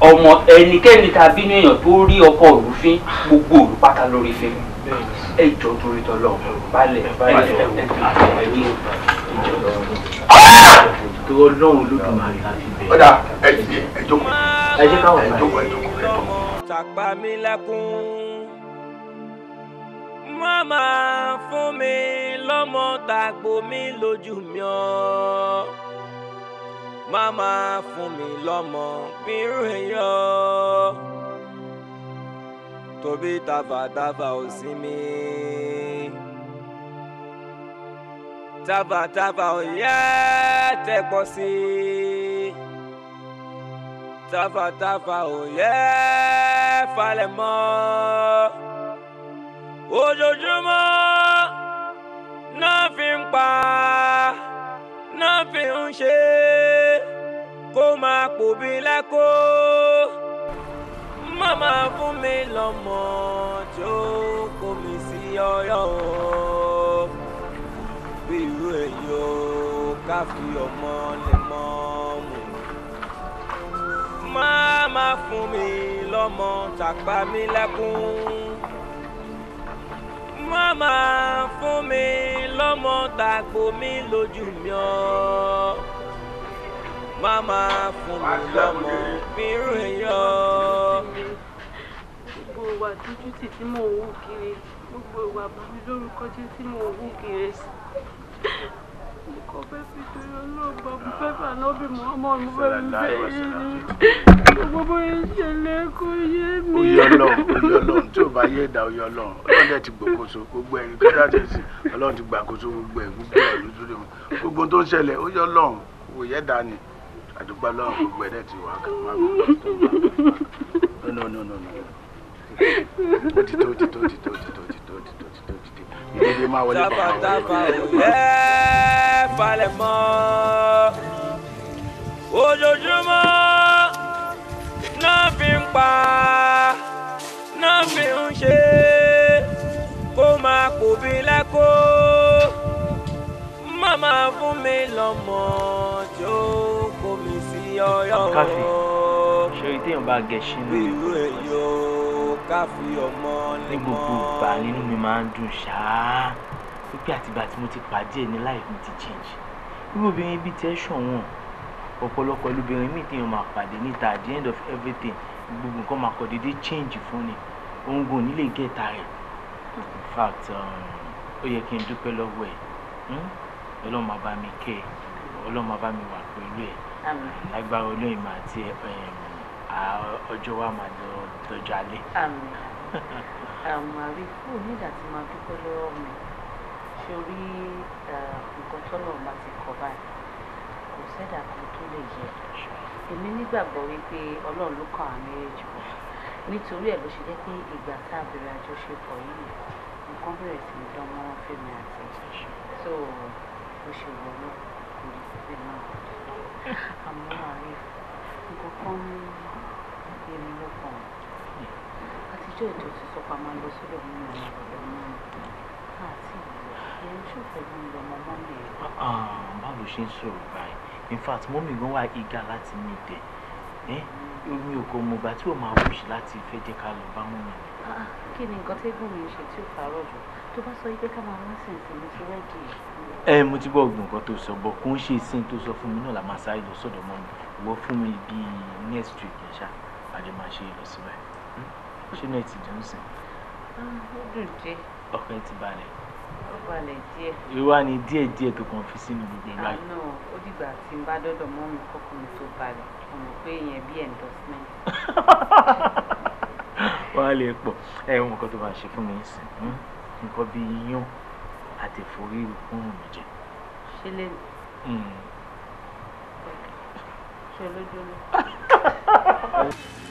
Speaker 7: ọmọ ẹnikẹ́ni tàbí inú èèyàn tó rí ọkọ òrùfín gbogbo olùpátá lórí fẹ́ ẹ jọ torí tọ́lọ̀ balẹ̀ ẹ jọ ẹ jọ
Speaker 1: tó ọlọ́run lódùmarè láti
Speaker 7: bẹ̀rẹ̀. ọ̀dà ẹ jẹ́ ẹ jókòó ẹ jókòó
Speaker 6: ẹ jókòó. tàpá mi lẹ́kùn má máa fún mi lọ́mọ tàgbò mi lójú mi ọ́ má máa fún mi lọ́mọ bírú èèyàn tóbi tàfàtàfà ò sí mi. tabataba oyè tẹpọ sí i tabataba oyè falẹ̀mọ́ ojoojúmọ́ náà fi ń pa náà fi ń ṣe kó máa pòbí lákó màmá fún mi lọ́mọ tí ó kó mi sí ọyọ́ bí irú èyí o ká fi ọmọ lè mọ́ mu. màmá fún mi lọ́mọ tàpá mi lẹ́kún má máa fún mi lọ́mọ tàpò mi lójú mi ọ́ má máa fún mi lọ́mọ mi rìn yọ.
Speaker 8: gbogbo ìwà dúdú tì tí mò ń wù kiri gbogbo ìwà
Speaker 7: bàmí lórúkọ jẹ́ tí mò ń wù kiri sí kò fẹ́ fi torí olóògbé
Speaker 3: mo fẹ́ fà náà bí mo ọmọ mi fẹ́ fi fẹ́ yé ni gbogbo ìṣẹ̀lẹ̀ kò yé mi. oyè Ọlọ́run
Speaker 1: tí ò bá yé ẹ̀dá oyè Ọlọ́run ti gbòkóso gbogbo ẹni tó dá tẹsí Ọlọ́run ti gbàkóso gbogbo ẹ gbogbo ẹ lójú rẹ gbogbo tó ń ṣẹlẹ̀ oyè Ọlọ́run oyè ẹ̀dá ni àdúgbò Ọlọ́run gbogbo ẹ ti wà kàn má gbogbo tó wà
Speaker 6: no no no no ẹ falẹ̀ mọ́ ojoojúmọ́ náà fi ń pa náà fi ń ṣe kó máa kò bí lákó má máa fún mi lọ́mọ tó kó mi sí ọyọ́ o. káfí ṣe ìdíyàn bá gẹ̀ẹ́sì ní ìlú èyí o káfí ọmọ lè mọ. ní gbogbo ìgbà nínú mi máa ń dùn
Speaker 1: ṣáá wípé àtìgbà tí mo ti pàdé ẹ ní life mi ti change irú obìnrin bíi tẹ́ ṣọ̀wọ́n ọ̀pọ̀lọpọ̀ ẹlòmíràn míì tí yẹn máa pàdé níta at the end of everything gbogbo nǹkan máa kọ̀ déédéé change fún ni òun gùn nílé gẹ̀ẹ́ta rẹ̀ in fact um, ó yẹ kí n dúpẹ́ lọ́wọ́ ẹ̀ hmm? ọlọ́run máa bá mi kẹ́ ẹ ọlọ́run máa bá mi wà pẹ̀lú ẹ̀ lágbára olóyìn máa ti ọjọ́ wa máa lọ dọjọ́ alẹ́.
Speaker 4: àmàrí kú nígbà tí màá dúpẹ́
Speaker 2: lọ́wọ́ mi ṣorí uh, nǹkan tọ́lọ́run bá ti kọ báyìí sẹ́dà kan tó lè yẹ èmi nígbàgbọ́ wípé ọlọ́run ló kàn á méjèèjì
Speaker 8: pọ̀ nítorí ẹ̀ ló ṣe jẹ́ pé ìgbà tá a bẹ̀rẹ̀ àjọṣepọ̀ yìí nǹkan bẹ̀rẹ̀ sí ní dán mọ́rán fèmí àti so bó ṣe wọ lọ kò lè sí bẹ́ẹ̀ náà àmọ́ àárẹ̀ nǹkan kan ní èmi lọ́kàn àtijọ́ ètò ti sọ pa máa lọ sódò nínú àwọn ọ̀dọ́ náà
Speaker 9: àti ìlú ẹ̀rọ ṣòfò ní ìlú ọmọ mọ́mí ẹ̀. Ah, báwo ṣe ń sọ̀rọ̀ báyìí
Speaker 1: in fact mọ́mì gan wà ìgà láti eh? mi dẹ̀ ẹ́ omi òkò mọ̀gbà tí ó máa wíṣ láti fẹ́ jẹ́ ká lọ bá mọ́mì mi.
Speaker 8: Ah, ah, kí ni nǹkan tẹ́gùn mi ṣe tí ó fàárọ̀ jù tó bá sọ pé ká máa wá sí ìsìn mi ti rẹ́gì.
Speaker 1: E. ẹ mo ti gbọ́ ọgbọ̀n nǹkan tó sọ bọ̀ kó ń ṣe ìsìn tó sọ fún mi náà la máa sáré lọ sọ́dọ̀ mọ́ mi ìwọ fún mi bíi next week yẹn ṣá àjọ máa ṣe ìlọsíwẹ̀ hmm? ṣé ti dùn sí.
Speaker 8: ó dùn jẹ.
Speaker 1: ọkàn ti balẹ̀ ìwà ni díẹ̀ díẹ̀ tó kàn fi sínú gbogbo ẹ̀ báyìí. àná
Speaker 8: ó dìgbà tí n bá dọ́dọ̀ mọ́ mi kọ́kọ́ mi tó balẹ̀ ọmọ pé ìyẹn bí endorsement.
Speaker 1: wọ́n á lè pọ̀ ẹ ohun kan tó máa ṣe fún mi sí hmm? nǹkan bíi iyán àti ìforí òórùn mi jẹ. ṣé lè hmm.
Speaker 8: ṣe olójú ló.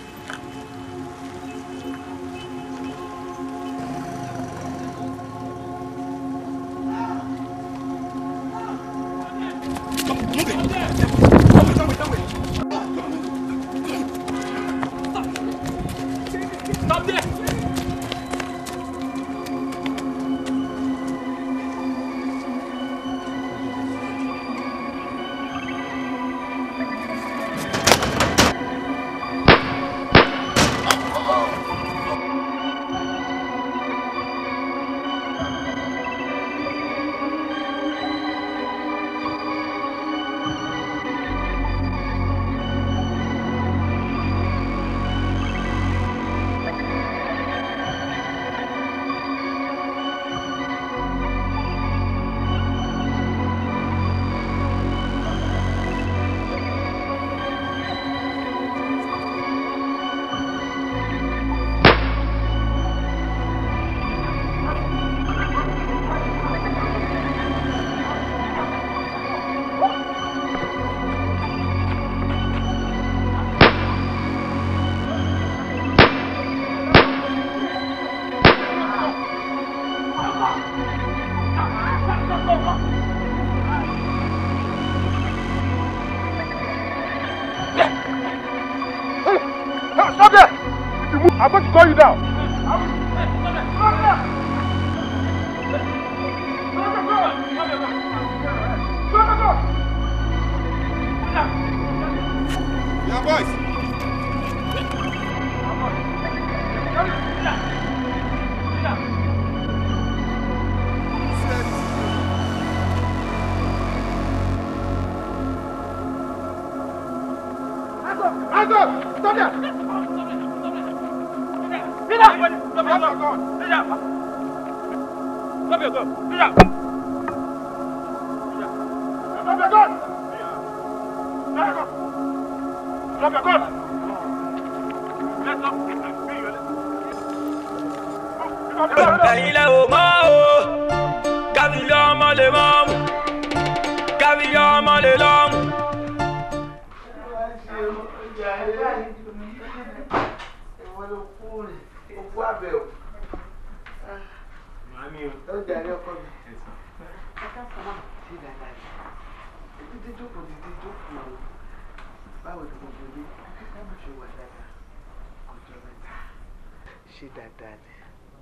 Speaker 1: ṣe dáadáa ni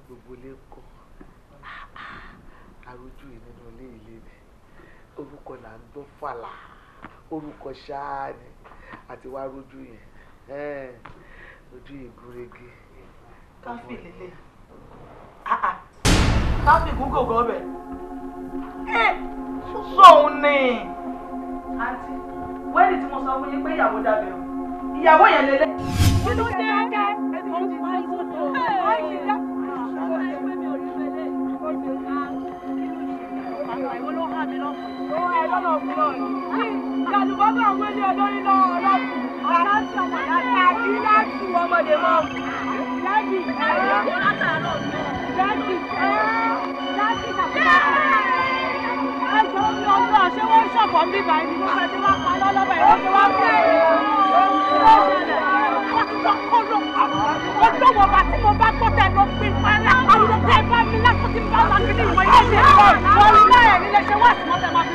Speaker 1: gbogbo ilé ń kọ́ arójú yìí nínú ilé ilé ni orúkọ là ń gbọ́ fàlà
Speaker 2: orúkọ ṣáá ni àti wá rójú yìí ojú yìí gúrégé. káfí lélẹ̀ káfí gúgògó rẹ̀ sọ òun ni.
Speaker 8: àǹtí wẹ́ẹ̀lì tí mo sọ fún yín pé ìyàwó dàbẹ̀ o
Speaker 2: ìyàwó yẹn lélẹ̀.
Speaker 8: ẹ you òwúrọ̀ ni. ìjàdùbọ́ bá ń wélé olórí lọ́wọ́ ọlọ́run ọ̀rá ń sọ̀rọ̀ láti àbí láti ọmọdé mọ́. láti ẹ̀rọ látàárọ̀ láti ẹ̀rọ láti àbúrò. ẹ̀sọ́ mi ọdún àṣẹ wọ́n ṣọ̀fọ̀ ń bíbá ẹni ló fẹ́ tí wọ́n pa lọ́lọ́bẹ̀ ìwọ́n tí wọ́n fẹ́ Olówó bá tí mo bá tó tẹ̀ ló fi pa lápá. Àwọn ọ̀dọ́ tẹ́ bá mi lásán tí mo bá wà nínú ìwọ̀nyí. Àwọn ọ̀dọ́ ẹ̀ nílé ṣe wá sí mọ́tẹ́ máa fi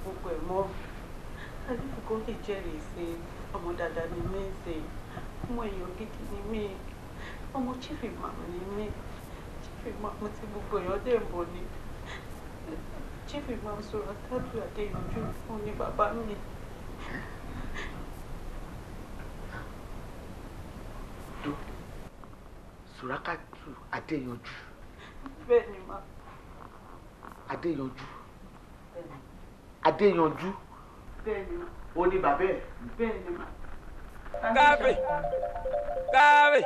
Speaker 8: gbogbo ẹ̀ mọ́ àdìsí kò fi jẹ́rìí sí ọmọ dáadáa ni mí ọmọ èèyàn gidi ni mí ọmọ chief imam ni mí chief imam tí gbogbo èèyàn dẹ̀ ń ni chief imam sọ̀rọ̀ tábìlì àdéyanjú fún ni bàbá mi.
Speaker 1: Sùràkàtù Adéyanjú. Bẹ́ẹ̀ni ma. Adéyanjú adéyanjú
Speaker 6: ó ní bàbá ẹ̀. kábì kábì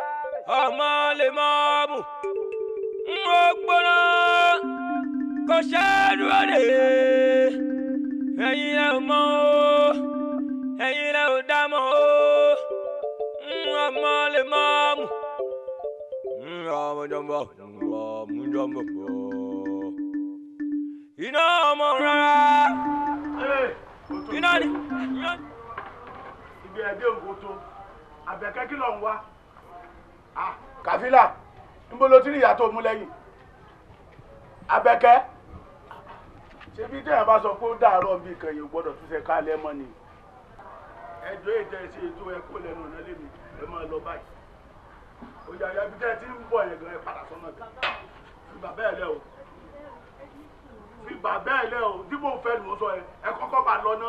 Speaker 6: ọmọ lè mọ ọmú mo gbóná kò ṣáájú ọdẹ ẹ̀yin lẹ ò mọ̀ o ẹ̀yin lẹ ò dá mọ̀ o ọmọ lè mọ ọmú ọmọ jọmọ ọmọ jọmọ iná ọmọ rárá iná ni.
Speaker 1: ibi ẹ̀dẹ́ òkòtò àbẹ̀kẹ́ kí ló ń wá. kàfílà níbo ló ti rí ìyá tó mú lẹ́yìn àbẹ̀kẹ́ ṣebí tẹ́yà bá sọ pé ó dàárọ̀ bí kan yìí gbọ́dọ̀ tún ṣe kálẹ̀ mọ́ ni. ẹjọ́ ètò ẹ̀sìn ètò ẹ̀kọ́ lẹ́nu ọ̀nà lèmi ẹ máa lọ báyìí. òyà ìyá ti ń bọ̀ yẹn gan ẹ padà sọ́nà gan. bàbá ẹ̀ lẹ́ fi gbà bẹ́ẹ̀ lẹ́ o tí mo fẹ́ ni mo sọ yẹn ẹ kọ́kọ́ bá lọ ná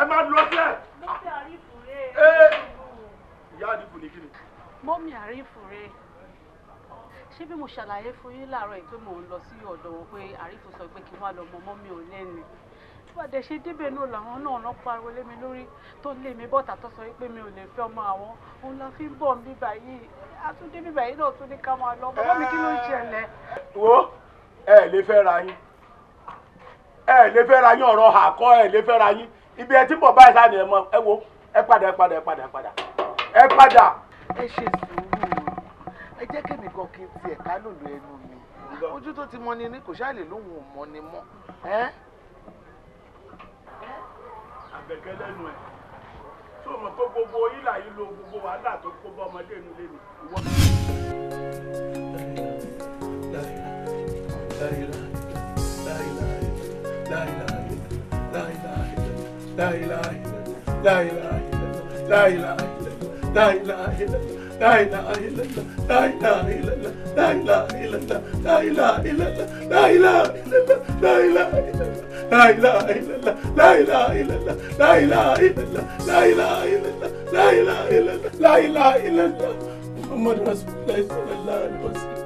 Speaker 1: ẹ má lọ sí ẹ.
Speaker 3: mọ́mí àrífù rẹ̀. Eh,
Speaker 1: ìyá àrífù ni kí ni. mọ́mí àrífù
Speaker 8: rẹ̀ ṣé bí mo ṣàlàyé fún yín láàárọ̀ yìí pé mò ń lọ sí ọ̀dọ̀ wọn pé àrífù sọ pé kí wọ́n lọ mọ mọ́mí ò lẹ́nu ìpàdé ṣe débẹ̀ náà làwọn náà lọ pariwo lé mi lórí tó lé mi bọ́ta tó sọ pé mi ò lè fẹ́ ọmọ àwọn òun la fi ń bọ̀ ń bíbà
Speaker 2: àtúndé bíbà yìí náà tún ní ká máa lọ bọ́mí kí ló ń ṣẹlẹ̀.
Speaker 1: wo ẹ lè fẹ́ ra yín ẹ lè fẹ́ ra yín ọ̀rọ̀ àkọ́ ẹ lè fẹ́ ra yín ibi ẹ ti bọ̀ báyìí sáà ni ẹ mọ ẹ wo ẹ padà ẹ padà ẹ padà ẹ padà ẹ padà. ẹ ṣe sùúrù ẹ jẹ́ kémi kan kí n ti ẹ̀ka lòlò ẹnu mi ojú tó ti mọ ni ni kò ṣáà lóhùn mọ ni mọ́. àbẹ̀kẹ́ lẹ́nu ẹ̀ tó mọ̀ pé gbogbo ìlà yìí lo gbogbo wàhálà tó kó bá ọmọdé inú lé mi. لا إله إلا الله لا إله إلا الله لا إله إلا الله لا اله الا الله لا اله الا الله لا اله الا الله لا اله الا الله لا اله الا الله لا اله الا الله لا اله الا الله لا اله الا الله لا اله الا الله لا اله الا الله لا اله الا الله محمد رسول الله صلى الله عليه وسلم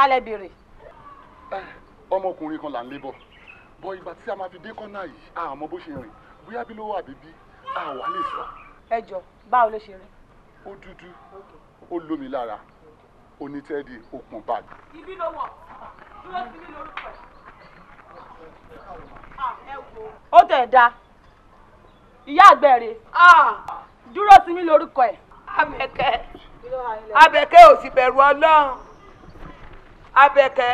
Speaker 10: talẹ̀ béèrè. Ah, ọmọkùnrin kan là ń lé bọ̀ bọ́ ìgbà tí a máa fi dé kọ́nà yìí àmọ́ bó ṣe rìn bóyá bí ló wà bíbí àwa lè sọ.
Speaker 8: ẹ jọ báwo ló ṣe rìn. ó dúdú
Speaker 10: ó lómi lára onítẹ́ẹ̀dì òkun bàbí.
Speaker 8: ibi ló wọ̀ dúró sí mi lórúkọ ẹ̀. Ah, ó tẹ̀ da ìyá àgbẹ̀rẹ̀ ah,
Speaker 2: dúró sí mi lórúkọ ẹ̀. abẹ́kẹ́ abẹ́kẹ́ ò sì bẹ̀rù ọlọ́run abẹ́kẹ́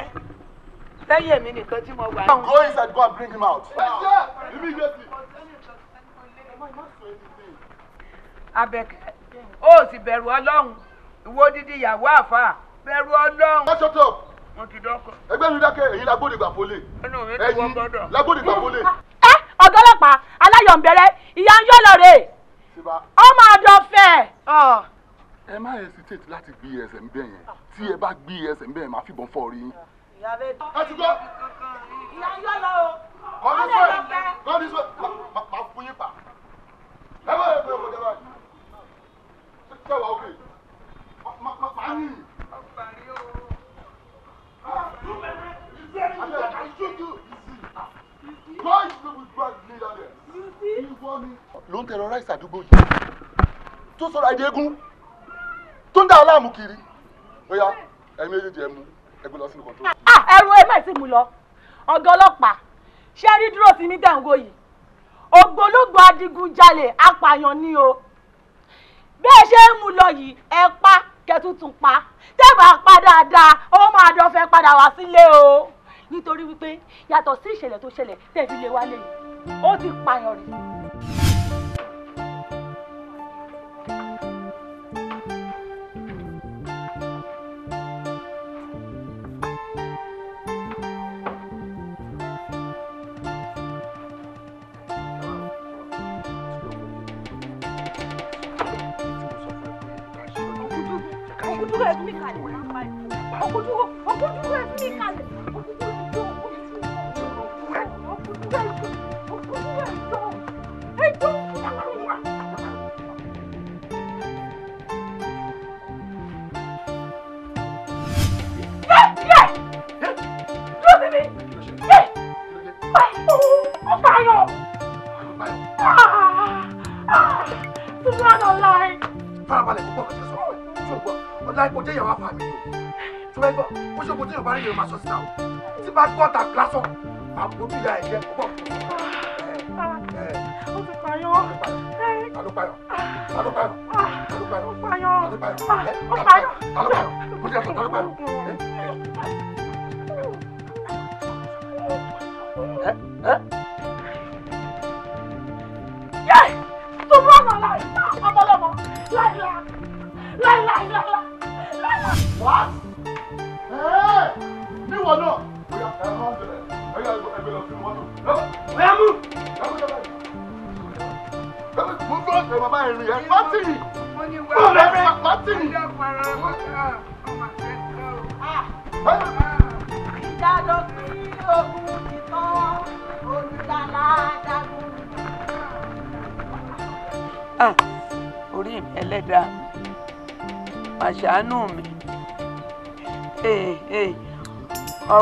Speaker 2: lẹ́yìn èmi nìkan tí mo wà. going to go and bring him out. abẹ́kẹ́ ó sì bẹ̀rù ọlọ́run ìwọ dídí ìyàwó àfà bẹ̀rù ọlọ́run. wọ́n ṣètò. mo ti dọ́kọ̀. ẹgbẹ́ mi dákẹ́ èyí lagbódìgbà pọ́lẹ̀. ẹnu mi ti
Speaker 1: wọ́n gbọ́dọ̀.
Speaker 10: lagbódìgbà pọ́lẹ̀. ẹ ọ̀gá ọlọ́pàá aláyọ̀ ń bẹ̀rẹ̀ ìyá ń yọ̀ lọ́rẹ̀ ọmọ ọ̀dọ̀ fẹ́ ẹ má hesitate láti gbé ẹsẹ̀ ń bẹ̀ yẹn tí ẹ bá gbé ẹsẹ̀ ń bẹ̀ yẹn máa fìbọn fọ́ orí yín.
Speaker 7: ìyá bẹ dùn. ẹ ti gbọ́. ìyá yọ
Speaker 10: lọ o. wọ́n lè lọ fẹ́. wọ́n ní sọ máa fún yín pa. ẹ bá yẹ kó yẹ kó jẹ báyìí. ṣé wàá òkè? máa ń yìn. ló ń terrorize àdúgbò yìí tó sọ̀rọ̀ àìdẹ́gún tó ń dá aláàmú kiri bóyá ẹ̀yin méjèèjì ẹ mú ẹgbẹ́ lọ sínú kọ́ńtò. Ah, ah, ẹrù ẹ má ti mú lọ ọ̀gá ọlọ́pàá
Speaker 8: ṣé dúró sí ní dàǹgó yìí ògbólógbò adigunjalè apààyàn ni o bí ẹ ṣe ń mú lọ yìí ẹ pa kẹtùtù pa tẹ́gbà pa dáadáa ó máa dọ́fẹ́ padà wá sílé o nítorí wípé yàtọ̀ sí ìṣẹ̀lẹ̀ tó ṣẹlẹ̀ tẹ̀bí lé wálé yìí ó ti pààyàn rèé.
Speaker 7: láì kó jẹ́ ìyàwó àfà mi o tí wọ́n gbọ́ ó ṣe kó tí yorùbá rí yorùbá sọ síta o tí bá gbọ́ ta gílásọ̀ àbójú ìyá ẹ̀jẹ̀ pọ̀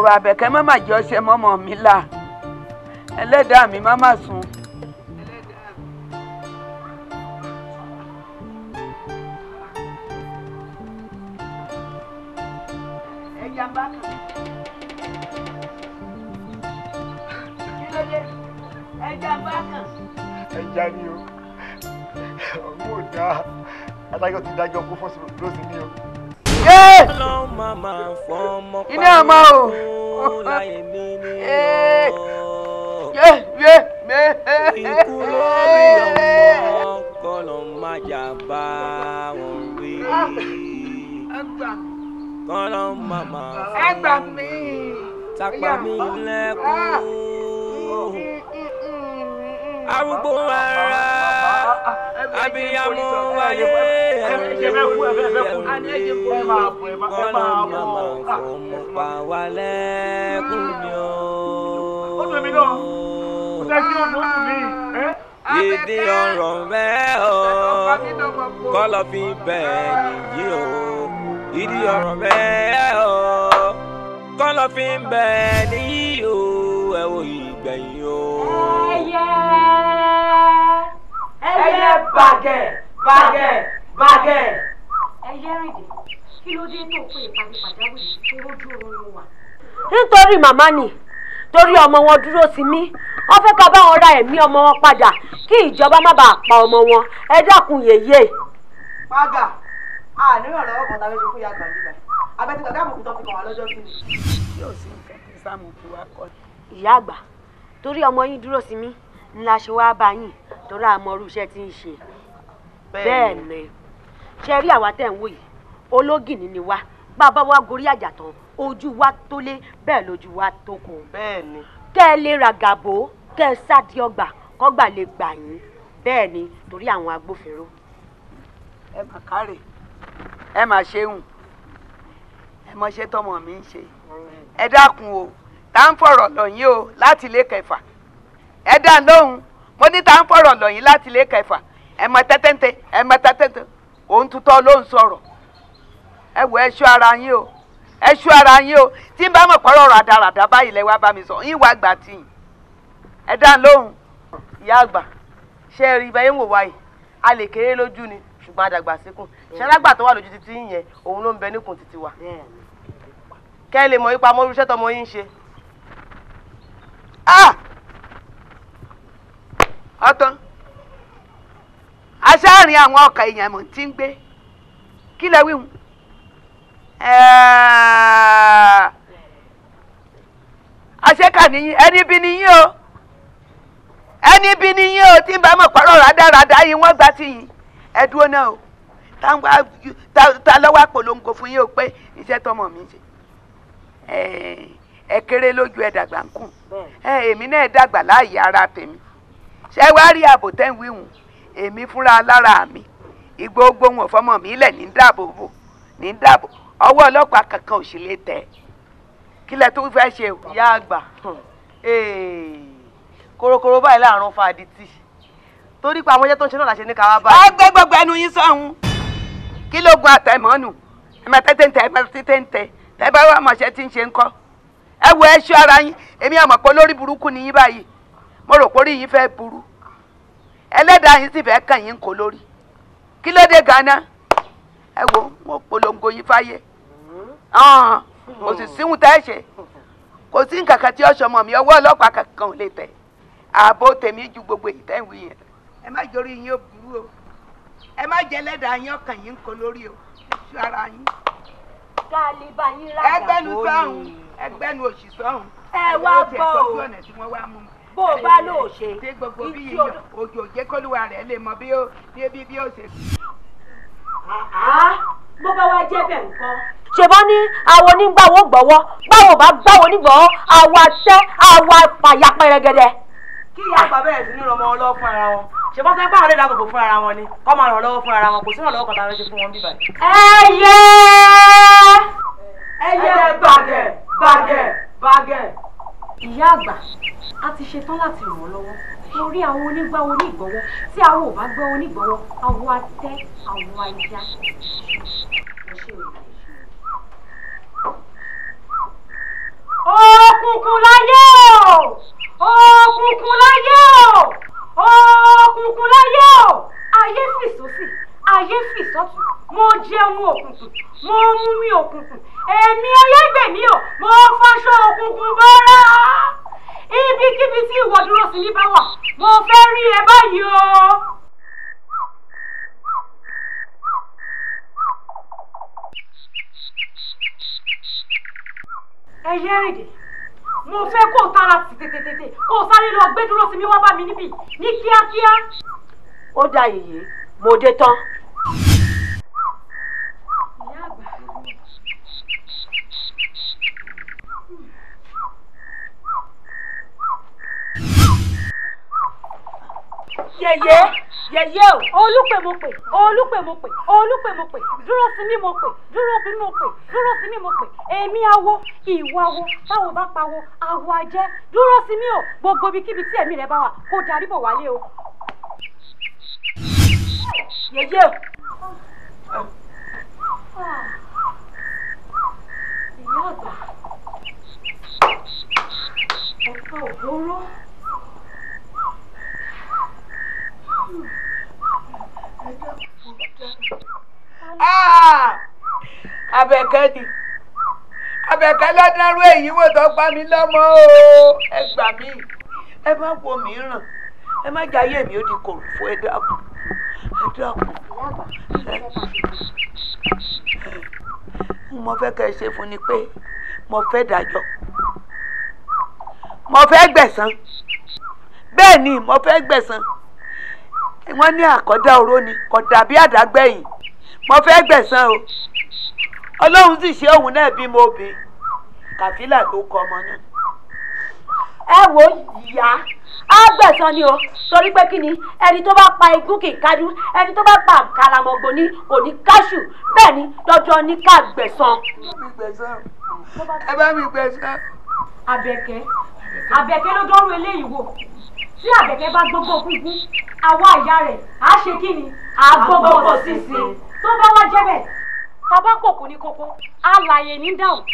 Speaker 2: ọ̀rọ̀ àbẹ̀kẹ́ má mà jẹ́ ọṣẹ mọ́mọ́ mi là ẹlẹ́dàá mi má mà sùn.
Speaker 6: abiyamọ wáyé kọ́nà màmá fòmù pa wá lẹ́kùn ni ó. Ìdí ọ̀rọ̀ bẹ́ẹ̀ o, kọ́lọ̀ fi bẹ́ẹ̀ nìyí o. Ìdí ọ̀rọ̀ bẹ́ẹ̀ o, kọ́lọ̀ fi bẹ́ẹ̀ nìyí o. Ẹ wo ìgbẹ̀yìn ẹyẹ bàgẹ̀ bàgẹ̀ bàgẹ̀.
Speaker 8: ẹlẹ́rìndé kí ló dé tó pé ìpàdé
Speaker 3: pàjáwìrì tó rójú oorun ló wà. nítorí
Speaker 8: màmá ni torí ọmọ wọn dúró sí mi wọn fẹ́ ká bá wọn ra ẹ̀mí ọmọ wọn padà kí ìjọba má bàa pa ọmọ wọn ẹ dákun yèyé. pàgà àníyàn lọ́wọ́ kan tàbí ṣe fún ìyá
Speaker 2: abẹ́tí gbàgbé àbùkù tó fi kàn wá lọ́jọ́ sí mi. yóò sí nǹkan tí sáàmù fi kọ́.
Speaker 8: ìyá àgbà torí ọmọ yín dúró sí mi ńlá ṣe wá bá yín torí àmọ́ irú iṣẹ́ tí ń ṣe
Speaker 2: bẹ́ẹ̀ ni
Speaker 8: ṣe rí àwa tẹ̀ ń wò yìí ológìní ni wá bàbá wa gorí àjà tán ojú wa tó lé bẹ́ẹ̀ lójú wa tó kù. bẹ́ẹ̀ ni. kẹ́ ẹ lè ra gàbó kẹ́ ẹ sáàdì ọgbà kọ́gbà lè gbà yín bẹ́ẹ̀ ni torí àwọn agbófinró.
Speaker 2: ẹ mà kárẹ̀ ẹ mà ṣeun ẹ mọ ṣe tọmọ mi ń ṣe ẹ dákun o tá ń fọ̀rọ̀ lọ yín o láti ilé kẹfà ẹ dá lóhùn mo ní tá à ń fọ̀rọ̀ lọ yìí láti ilé kẹfà ẹ̀mọ tẹ́tẹ́ǹtẹ́ ẹ̀mọ tẹ́tẹ́ǹtẹ́ òun tutọ́ ló ń sọ̀rọ̀ ẹ wọ ẹṣọ́ ara yín o ẹṣọ́ ara yín o tí n bá mọ̀ pọ̀rọ̀ ràdàràdà báyìí lẹ wá bá mi sọ yín wá gbà tì yín ẹ dá lóhùn ìyá àgbà ṣe rí ibà yín wò wáyé a lè kéré lójú ni ṣùgbọ́n àdàgbà síkùn ṣẹlágbà tó wà lójú títí yẹn òun ló ń bẹ níkùn títí wa kẹ́ ẹ lè mọ ipa mọ́rúṣẹ́ tọmọ yín ṣe. Ah! ọtán asáàrin àwọn ọkà èèyàn tí ń gbé kí lẹ wíhun àṣekà niyi ẹni bí o ẹni bí o tí ń bá mọ̀ pọ̀rọ̀ rádaràdá yìí wọ́n gbá sí yìí ẹ dúró náà o ta lọ́wọ́ àpolongo fún yín o pé iṣẹ́ tọmọ mi ṣe ẹ kéré lójú ẹ dàgbà ń kùn ẹ èmi náà dàgbà láàyè ara tèmi ṣé wàá rí ààbò tẹ́ ń wíwùn èmi fúnra lára mi igbó gbóhùn ọ̀fọ́mọ mi ilẹ̀ ní bò ní ọwọ́ ọlọ́pàá kankan ò sì lè tẹ̀ kí lẹ tó fẹ́ ṣe o. ìyá àgbà korokoro báyìí láàrún fàdítì torí pé àwọn ọjọ́ tó ń ṣe náà láṣẹ ní káwá báyìí. ẹ gbé gbogbo ẹnu yín sọ́hun kí ló gun àtẹ̀mọ́nù ẹ máa tẹ́tẹ́ ń tẹ ẹ máa tẹ́tẹ́ ń tẹ mo rò pórí yìí fẹ́ burú ẹlẹ́dàá yìí sì fẹ́ kàn yín kó lórí kí ló dé ganan ẹ wo mo polongo yìí fáyé kò sì síhun tẹ́ ẹ ṣe kò sí nǹkan kan tí ọ̀ṣọ́mọ mi ọwọ́ ọlọ́pàá kankan ò lè tẹ̀ ààbò tèmi ju gbogbo èyí tẹ́ ń wí yẹn ẹ má jẹ́ orí yín ó burú o ẹ má jẹ́ ẹlẹ́dàá yín ọkàn yín kó lórí o ẹ ṣú ara yín. káàlì bá yín rájà kó ní ẹgbẹ́nu sọ́hún ẹgbẹ́nu òṣì sọ́hún ẹ wá bọ̀ o ẹ wá bọ̀ o bó o bá lò ó ṣe. ṣé gbogbo bí yìí òjò jẹ́ kólúwa rẹ̀ lè mọ bí ó bí bí ó ṣe. bó bá wá jẹ́ bẹ́ẹ̀ nǹkan.
Speaker 8: ṣèbọn ní àwọn onígbàwọ̀ gbọ́wọ́ báwo bá gbàwọ̀ onígbọ̀wọ́ àwọn àṣẹ àwọn àfàyà pẹrẹgẹdẹ. kí ìyá àgbà bẹ̀rẹ̀ sí ní ràn mọ́ fún ara wọn ṣe bọ́ sẹ́pẹ́ àwọn ẹ̀dá fún ara wọn ni kọ́ máa ràn lọ́wọ́ fún ara wọn kò sí ìrànlọ́wọ́ kan tá a fún wọn bíbá. ẹyẹ
Speaker 3: ẹyẹ bàgẹ̀
Speaker 8: bàgẹ̀ bàgẹ̀ ìyá àgbà a ti ṣetán láti ràn wọ́n lọ́wọ́ torí àwọn onígbà onígbọ̀wọ́ tí àwọn ò bá gbọ́ onígbọ̀wọ́ àwọn atẹ́ àwọn ajá. òkùnkùn láyé o òkùnkùn láyé o òkùnkùn láyé o ayé fìsọ́sì ayé fìsọ́tù mo jẹun òkùnkùn mo mú mi òkùnkùn èmi ayégbèmí o mo fọṣọ òkùnkùn bọ́ra ibikíbi tí ìwọ dúró sí yín bá wà mo fẹ́ rí ẹ báyìí o. ẹyẹ rèdè mo fẹ́ kó o tara tètètètè kó o sáré lọ gbé dúró sí mi wá bá mi níbí ní kíákíá. ó dá yèyé mo dé tán. yẹyẹ yẹyẹ o olùpè mo pè olùpè mo pè olùpè mo pè dúró sí mi mo pè dúró sí mi mo pè dúró sí mi mo pè èmi awo ìwọ awo táwọn bá pawọ awo ajẹ dúró sí mi o gbogbo ibikíbi tí ẹ̀mí rẹ bá wà kó darí bọ̀ wálé o. yẹyẹ o. ìyá
Speaker 3: àgbà ẹ̀ka òróró.
Speaker 2: Ah! abẹ̀kẹ́ ni abẹ̀kẹ́ lọ́dọ́rú èyí wò tó gbá mi lọ́mọ o ẹ gbà mí ẹ má wo mi ẹ má jẹ ayé mi ó di kòrò fún ẹ dákun ẹ dákun mo fẹ́ kẹ́ ẹ ṣe fún ni pé mo fẹ́ dájọ́ mo ni mo fẹ́ ni mo fẹ́ gbẹ̀san o ọlọ́run sì ṣe òun náà bí mo bí kàfílà ló kọ ọmọ náà. ẹ wo
Speaker 8: ìyá á gbẹ̀san ni o torí pé kí ni ẹni tó bá pa igún kì í kájú ẹni tó bá pa kàràmọ̀gbò ni kò ní káṣù bẹ́ẹ̀ ni dandan ni ká gbẹ̀san. ẹ bá mi gbẹ̀san. Àbẹ̀kẹ́
Speaker 2: Àbẹ̀kẹ́ ló dọ́rùn
Speaker 8: eléyìí wò tí Àbẹ̀kẹ́ bá gbogbo kúkú àwa ìyá rẹ̀ á ṣe kí ni àgbọ̀gbọ̀ sísìn tó bá wá jẹ́ bẹ́ẹ̀ bàbá kòkó ní kókó àlàyé ní dáhùn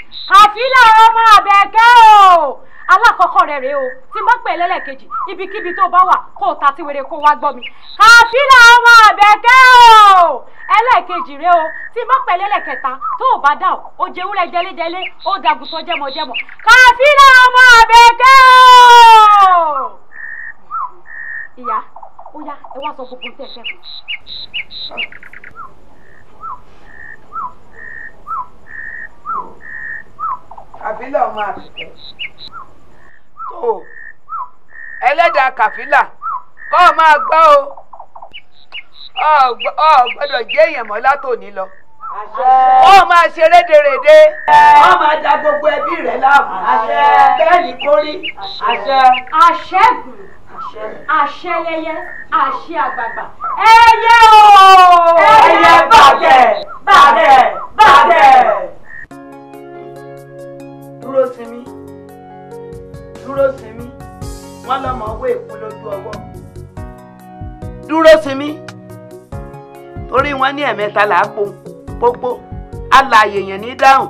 Speaker 8: àfilẹ̀ ọmọ àbẹ̀kẹ́ o alákọ̀ọ́kọ́ rẹ̀ rèé o tí má pè lẹ́lẹ́kejì ibikíbi tó bá wà kó o ta sí wèrè kó wá gbọ́ mi àfilẹ̀ ọmọ àbẹ̀kẹ́ o ẹlẹ́kejì rèé o tí má pè lẹ́lẹ́kẹta tó o bá dáhùn o jẹ ewúrẹ́ jẹlẹ́jẹlẹ́ o dàgùtọ̀ jẹmọ̀jẹmọ̀ àfilẹ̀ ọmọ àbẹ̀kẹ́ o. ìyá ó yá ẹ wá sọ gbogbo
Speaker 2: kàfílà ọmọ àbùkù tó ẹlẹ́dàá kàfílà kọ́ ọ máa gbọ́ o ọ gbọ́dọ̀ jẹ́ èèyàn mọ́ látòní lọ ó máa ṣe rédèrèdè. ó máa da gbogbo ẹbí rẹ̀ láàmú. bẹ́ẹ̀ ni kò rí. àṣẹ́gun
Speaker 8: àṣẹ ẹyẹ àṣẹ àgbààgbà ẹyẹ ooo. ẹyẹ bàgẹ̀
Speaker 2: bàgẹ̀ bàgẹ̀ dúró sinmi dúró sinmi wọn lọmọ owó èkó lójú ọwọ́ dúró sinmi torí wọn ní ẹ̀mẹ́ta là á po pópó alààyè yẹn ní dáhùn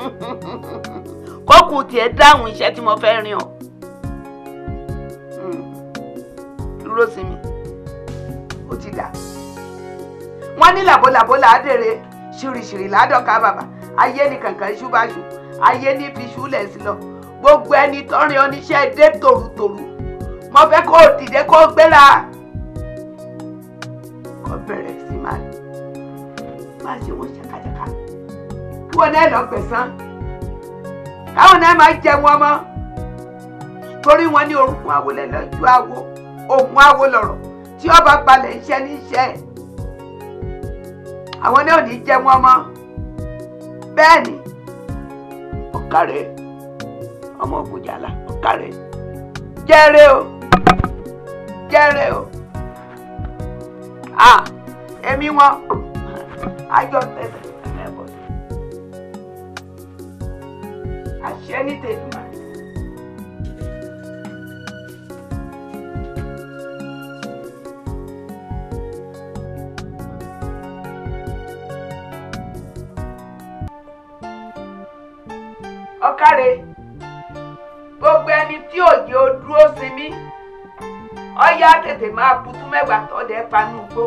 Speaker 2: kókù tiẹ̀ dáhùn iṣẹ́ tí mo fẹ́ rìn ọ́ hmm. dúró sinmi ó ti dà wọn ní làbólàbó là ṣìrìṣìrì ládọ́ka bàbà ayé ni kàǹkàn ṣúbàṣù ayé níbi ìṣúlẹ̀ sí lọ gbogbo ẹni tó rin oníṣẹ́ dé tòrútòrú mo fẹ́ kó dìde kó gbéra kó bẹ̀rẹ̀ sí máa máa ṣe wọ́n ṣàkàṣàkà kí wọn náà lọ gbẹ̀sán káwọn náà máa jẹ wọn mọ́ torí wọn ní orúkún awo lẹ́lọ́jú awo òògùn awo lọ̀rọ̀ tí ọba balẹ̀ iṣẹ́ níṣẹ́ àwọn náà ní jẹ wọn mọ́ bẹ́ẹ̀ ni ọ̀ká rẹ̀ ọmọ ògùnjàlá ọ̀ká rẹ̀ jẹ́rẹ́ o jẹ́rẹ́ o à ah, èmi wọn àjọ tẹ̀sán ẹ̀ bọ̀ àṣẹ ní tèmi ọ̀kàrẹ̀ gbogbo ẹni tí òye ó dúró sinmi ọ̀yá tètè máa putú mẹ́wàá tọ́dẹ̀ panu gbó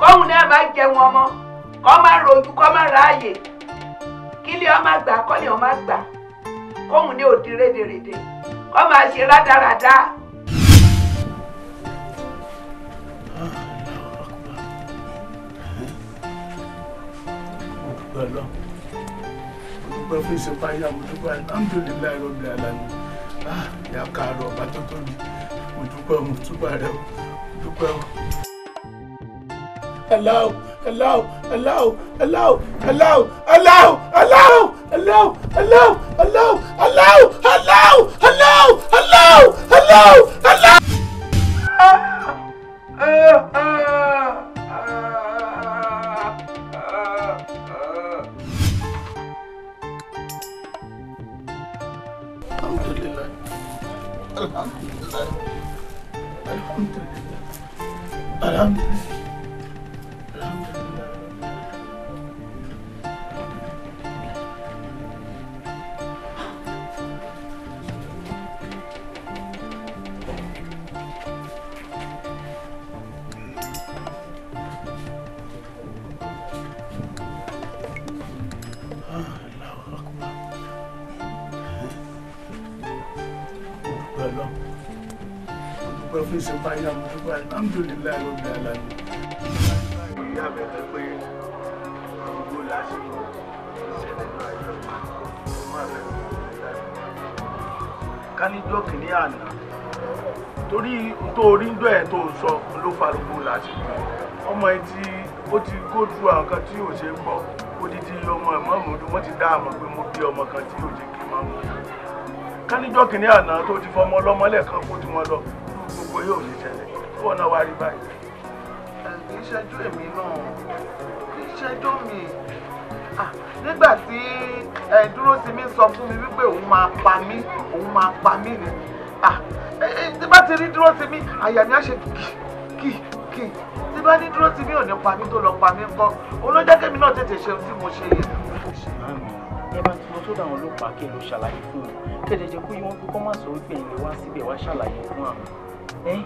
Speaker 2: kóhun náà máa jẹun ọmọ kó má rojú kó má ráàyè kílé ọmọ àgbà kọ́lé ọmọ àgbà kóhun ní òdi rédèrèdè máa ṣe
Speaker 1: dúpẹ́ fún ìṣèpá ìyá mo dúpẹ́ alhamdulilayi rọ̀bì alámi ah ìyá káàárọ̀ ọba tó tóbi mo dúpẹ́ mo túbà rẹ mo dúpẹ́ o. Allow, allow, allow, allow, allow, allow, allow, allow, allow, allow, allow, allow,
Speaker 3: allow, allow, allow, allow.
Speaker 1: الحمد لله الحمد لله الحمد لله ní ṣe bá yá mọ́ báyìí alhamdulilayi ló bí aláàbò. ìyá mi ti pé gbogbo lásìkò ìṣẹ̀lẹ̀ náà yọ ọ má bẹ̀rẹ̀ ká níjọ́ kìíní àná torí nítorí ń dọ̀ ẹ̀ tó ń sọ ló fa gbogbo lásìkò ọmọ ẹ ti ó ti kó ju àwọn kan tí ò ṣe gbọ́ odidi ọmọ ẹ̀ mọ́mú ọdún wọ́n ti dá àmọ́ pé mo bí ọmọ kan tí ò jẹ́ kí n máa mú ká níjọ́ kìíní àná tó ti fọmọ ọlọ́mọ lẹ́ẹ̀kan kó tí wọ́n lọ yìí ò lè tẹ̀lé fún ọ̀nà wa rí báyìí kì í ṣẹ́jú èmi náà kì í ṣẹ́jú mi nígbà tí dúró ti mi sọ fún mi wípé òun máa pa mí òun máa pa mí ni tí bá ti rí dúró ti mi àyà mi á ṣe kì kì tí bá ní dúró ti mi ò ní pa mí tó lọ pa mí ńkọ́ olójẹ́kẹ́mi náà tètè ṣe ohun tí mo ṣe yìí. ẹ bá ti lọ sódà àwọn ọlọ́pàá kí ẹ lọ ṣàlàyé fún mi kẹ́ẹ̀dẹ̀jẹ̀ kó yí wọn kó kọ́ máa sọ wípé ẹ̀ ń lè wá síbẹ̀ wá ṣàlàyé fún àwọn ẹ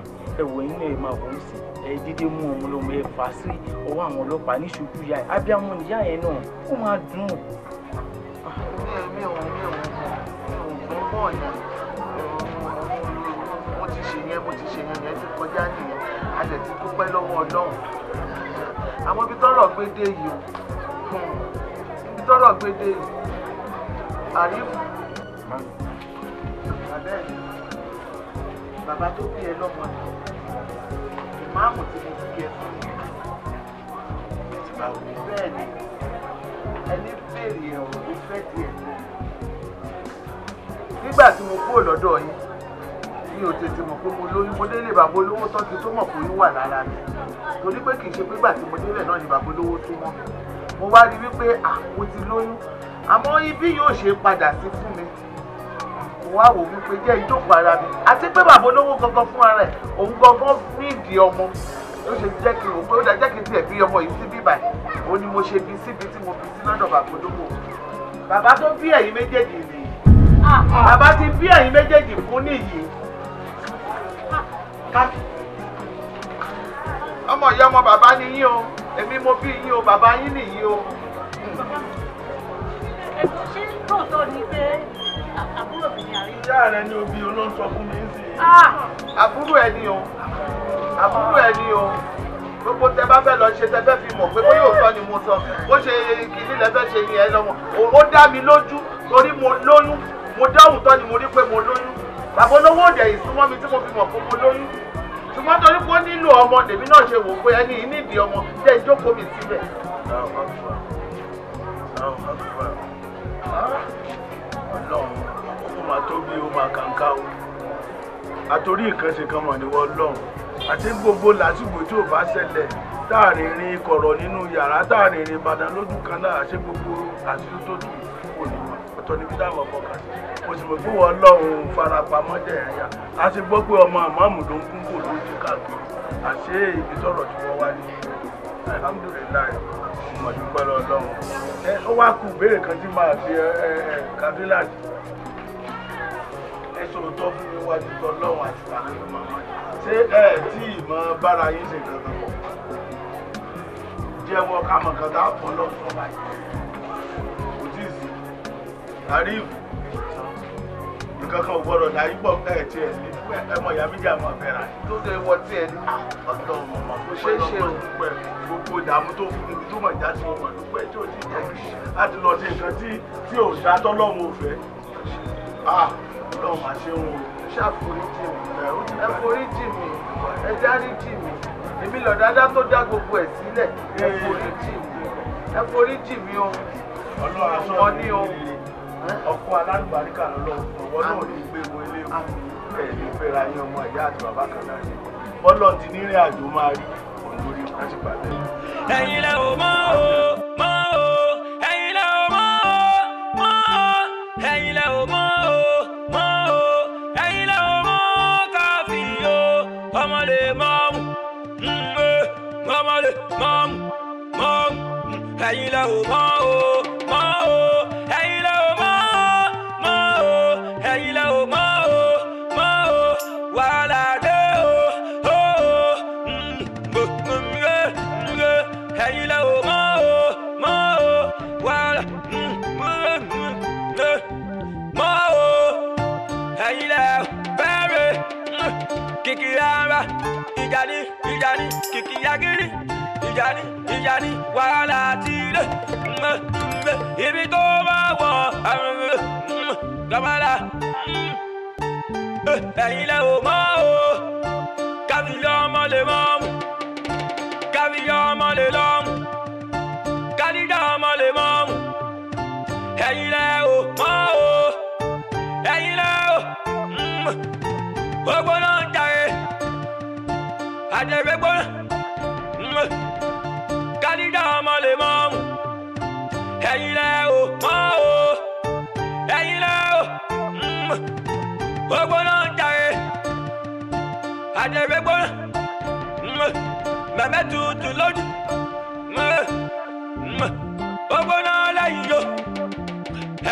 Speaker 1: wò yín ẹ máa wò ó sí ẹ dídé mú ọmọ lọmọ ẹ fà á sí ọwọ́ àwọn ọlọ́pàá ní ṣojú ìyá ẹ abiyamọ níyà yẹn náà ó máa dùn. mi ò mi ò mi ò mọ̀ yẹn mo ti ṣe yẹn mo ti ṣe yẹn yẹn ti kọjá nìyẹn a dẹ̀ ti dúpẹ́ lọ́wọ́ ọlọ́run àwọn ibi tọ́rọ̀ gbé dé yìí o ibi tọ́rọ̀ gbé dé yìí àríwú. Abẹ́ẹ̀ni bàbá tó bí ẹ lọ́mọ ni ìmáàmù tí mo fi ẹ fún mi bẹ́ẹ̀ ni ẹni béèrè ọ̀rọ̀ tó fẹ́ díẹ̀ nígbà tí mo kúrò lọ́dọ̀ yín mi ò tètè mọ̀ pé mo lóyún mo délé bàbá olówó tán tó mọ̀ pé oyún wà lára mi torí pé kì í ṣe pé tí mo délé náà ni bàbá olówó tó mọ́ mi mo wá rí wípé à ti lóyún àmọ́ ibi yóò ṣe padà sí fún mi mo wá wò wípé jẹ́ ìjókòó ara mi àti pé bàbá olówó gangan fún ara ẹ̀ òun gangan ní ìdí ọmọ ló ṣe jẹ́ kí n pé ó dá kí n tiẹ̀ bí ọmọ yìí síbí báyìí ó ní mo ṣe bí síbi tí mo fi sí lọ́dọ̀ bàbá olówó bàbá tó bí ẹ̀yin méjèèjì nìyí bàbá ti bí ẹ̀yin méjèèjì fún nìyí ọmọ ìyá ọmọ bàbá ni yín o èmi mo bí yín o bàbá yín nìyí o. ṣé lóòótọ́ ni pé àbúrò mi ni àrí. ìyá rẹ ni obi olóńsọ fún mi sí. Ah! àbúrò ẹ ni o àbúrò ẹ ni o gbogbo tẹ bá fẹ́ lọ ṣe tẹ fẹ́ fi mọ̀ pé bóyá òótọ́ ni mo sọ bó ṣe kìíní lẹ fẹ́ ṣe ni ẹ lọmọ ó dá mi lójú torí mo lóyún mo dáhùn tán ni mo rí pé mo lóyún bàbá olówó òde ìsúnmọ́ mi tí mo fi mọ̀ pé mo lóyún ṣùgbọ́n torí pé ó nílò ọmọ lèmi náà ṣe wò pé ẹni yìí nídìí ọmọ jẹ́ ìjókòó mi síbẹ̀. Ah! ọlọ́run ó máa tóbi ó o àtòrí ìkànṣe kan mọ̀ níwọ̀ àti gbogbo làásìgbò tí ò bá ṣẹlẹ̀ táàrínrín kọ̀rọ̀ nínú yàrá táàrínrín ìbàdàn lójú kan náà àṣẹ gbogbo àṣírí tó tù kò ní ọ̀tọ̀ níbi táwọn ọkọ̀ kà sí mo sì mọ̀ pé wọ́n a gbọ́ alhamdulilayi. mọ̀ dúpẹ́ lọ́lọ́run ẹ ó wá kú ìbéèrè kan tí máa fi ẹ ẹ kàdílàjì ẹ sọ̀rọ̀ tó fún mi wájú lọ́lọ́run àti tàbí màmá ṣé ẹ tí ìmọ̀ bára yín ṣe kankan pọ̀ jẹ́wọ́ kámọ̀ kan lọ́sọ̀ọ́ báyìí kò tí ì sí àríwú nǹkan kan ò gbọ́dọ̀ darí pọ̀ nǹkan ẹ̀ tiẹ̀ ẹ mọ̀ ìyá méjì àmọ́ ọ̀fẹ́ tó ṣe wọ tí ẹ ní ah, ọ̀dọ̀ mọ̀mọ́ kò ṣeé ṣe o gbogbo ìdààmú tó fún mi tó mọ̀ ìjà tí mo mọ̀ ló tí ò ti jẹ́ kí láti lọ sí nǹkan tí tí ò dá tọ́lọ́mù òfẹ́. Ah, ọlọ́run àṣẹ wọn ṣàforíjì mi ẹ foríjì mi ẹ dáríjì mi èmi lọ dáadáa tó dá gbogbo ẹ̀ sílẹ̀ ẹ foríjì mi ẹ foríjì mi o ọlọ́run ọkọ alálùbáríkà lọ́lọ́run ọwọ́ náà ní gbé ilé kù fẹ́ra yín ọmọ ìyá àti bàbá kan náà ni bọ́lọ̀ ti nírìn àjò máa rí òun lórí láti
Speaker 6: pàdé. ẹ̀yin lẹ ò mọ̀ o mọ̀ o ẹ̀yin lẹ ò mọ̀ o mọ̀ o ẹ̀yin lẹ ò mọ̀ o mọ̀ o ẹ̀yin lẹ ò mọ̀ káfí o ọmọ lè mọ̀ mm, eh. ọmọ lè mọ̀ ọmọ ẹ̀yin lẹ ò mọ̀ o. ìjà gírí ìjà ní ìjà ní wàhálà ti lé ibi tó bá wọ̀ gbàmàlà ẹ̀yin lẹ ò mọ̀ o kábíyọ̀ ọmọ lè mọ̀ mu kábíyọ̀ ọmọ lè lọ mu kálíjà ọmọ lè mọ̀ mu ẹ̀yin lẹ ò mọ̀ o ẹ̀yin lẹ ò gbogbo náà ń jàre àjẹgbẹ́gbọ́. àdèrè gbóná mẹ̀mẹ́ tutù lójú ó gbóná lẹ́yìn ló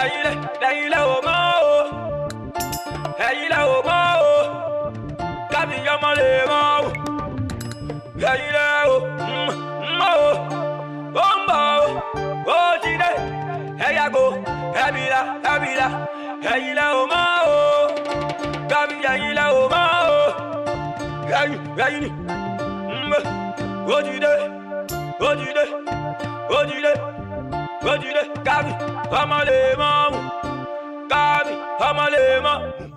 Speaker 6: ẹ̀yìn lẹ́ lẹ́yìn lẹ́ ò mọ́ o ẹ̀yìn lẹ́ ò mọ́ o kábíyàn mọ́ lè mọ́ o ẹ̀yìn lẹ́ o mọ́ o ó ń bọ̀ o ó ti dé ẹ̀yàgò ẹ̀bìlà ẹ̀bìlà ẹ̀yìn lẹ́ ò mọ́ o kábíyàn ẹ̀yìn lẹ́ ò mọ́ o. Rayu, rayu ni. Ojúde, ojúde, ojúde, kami, Kábì, ọmọ lè mọ̀ ọ́n.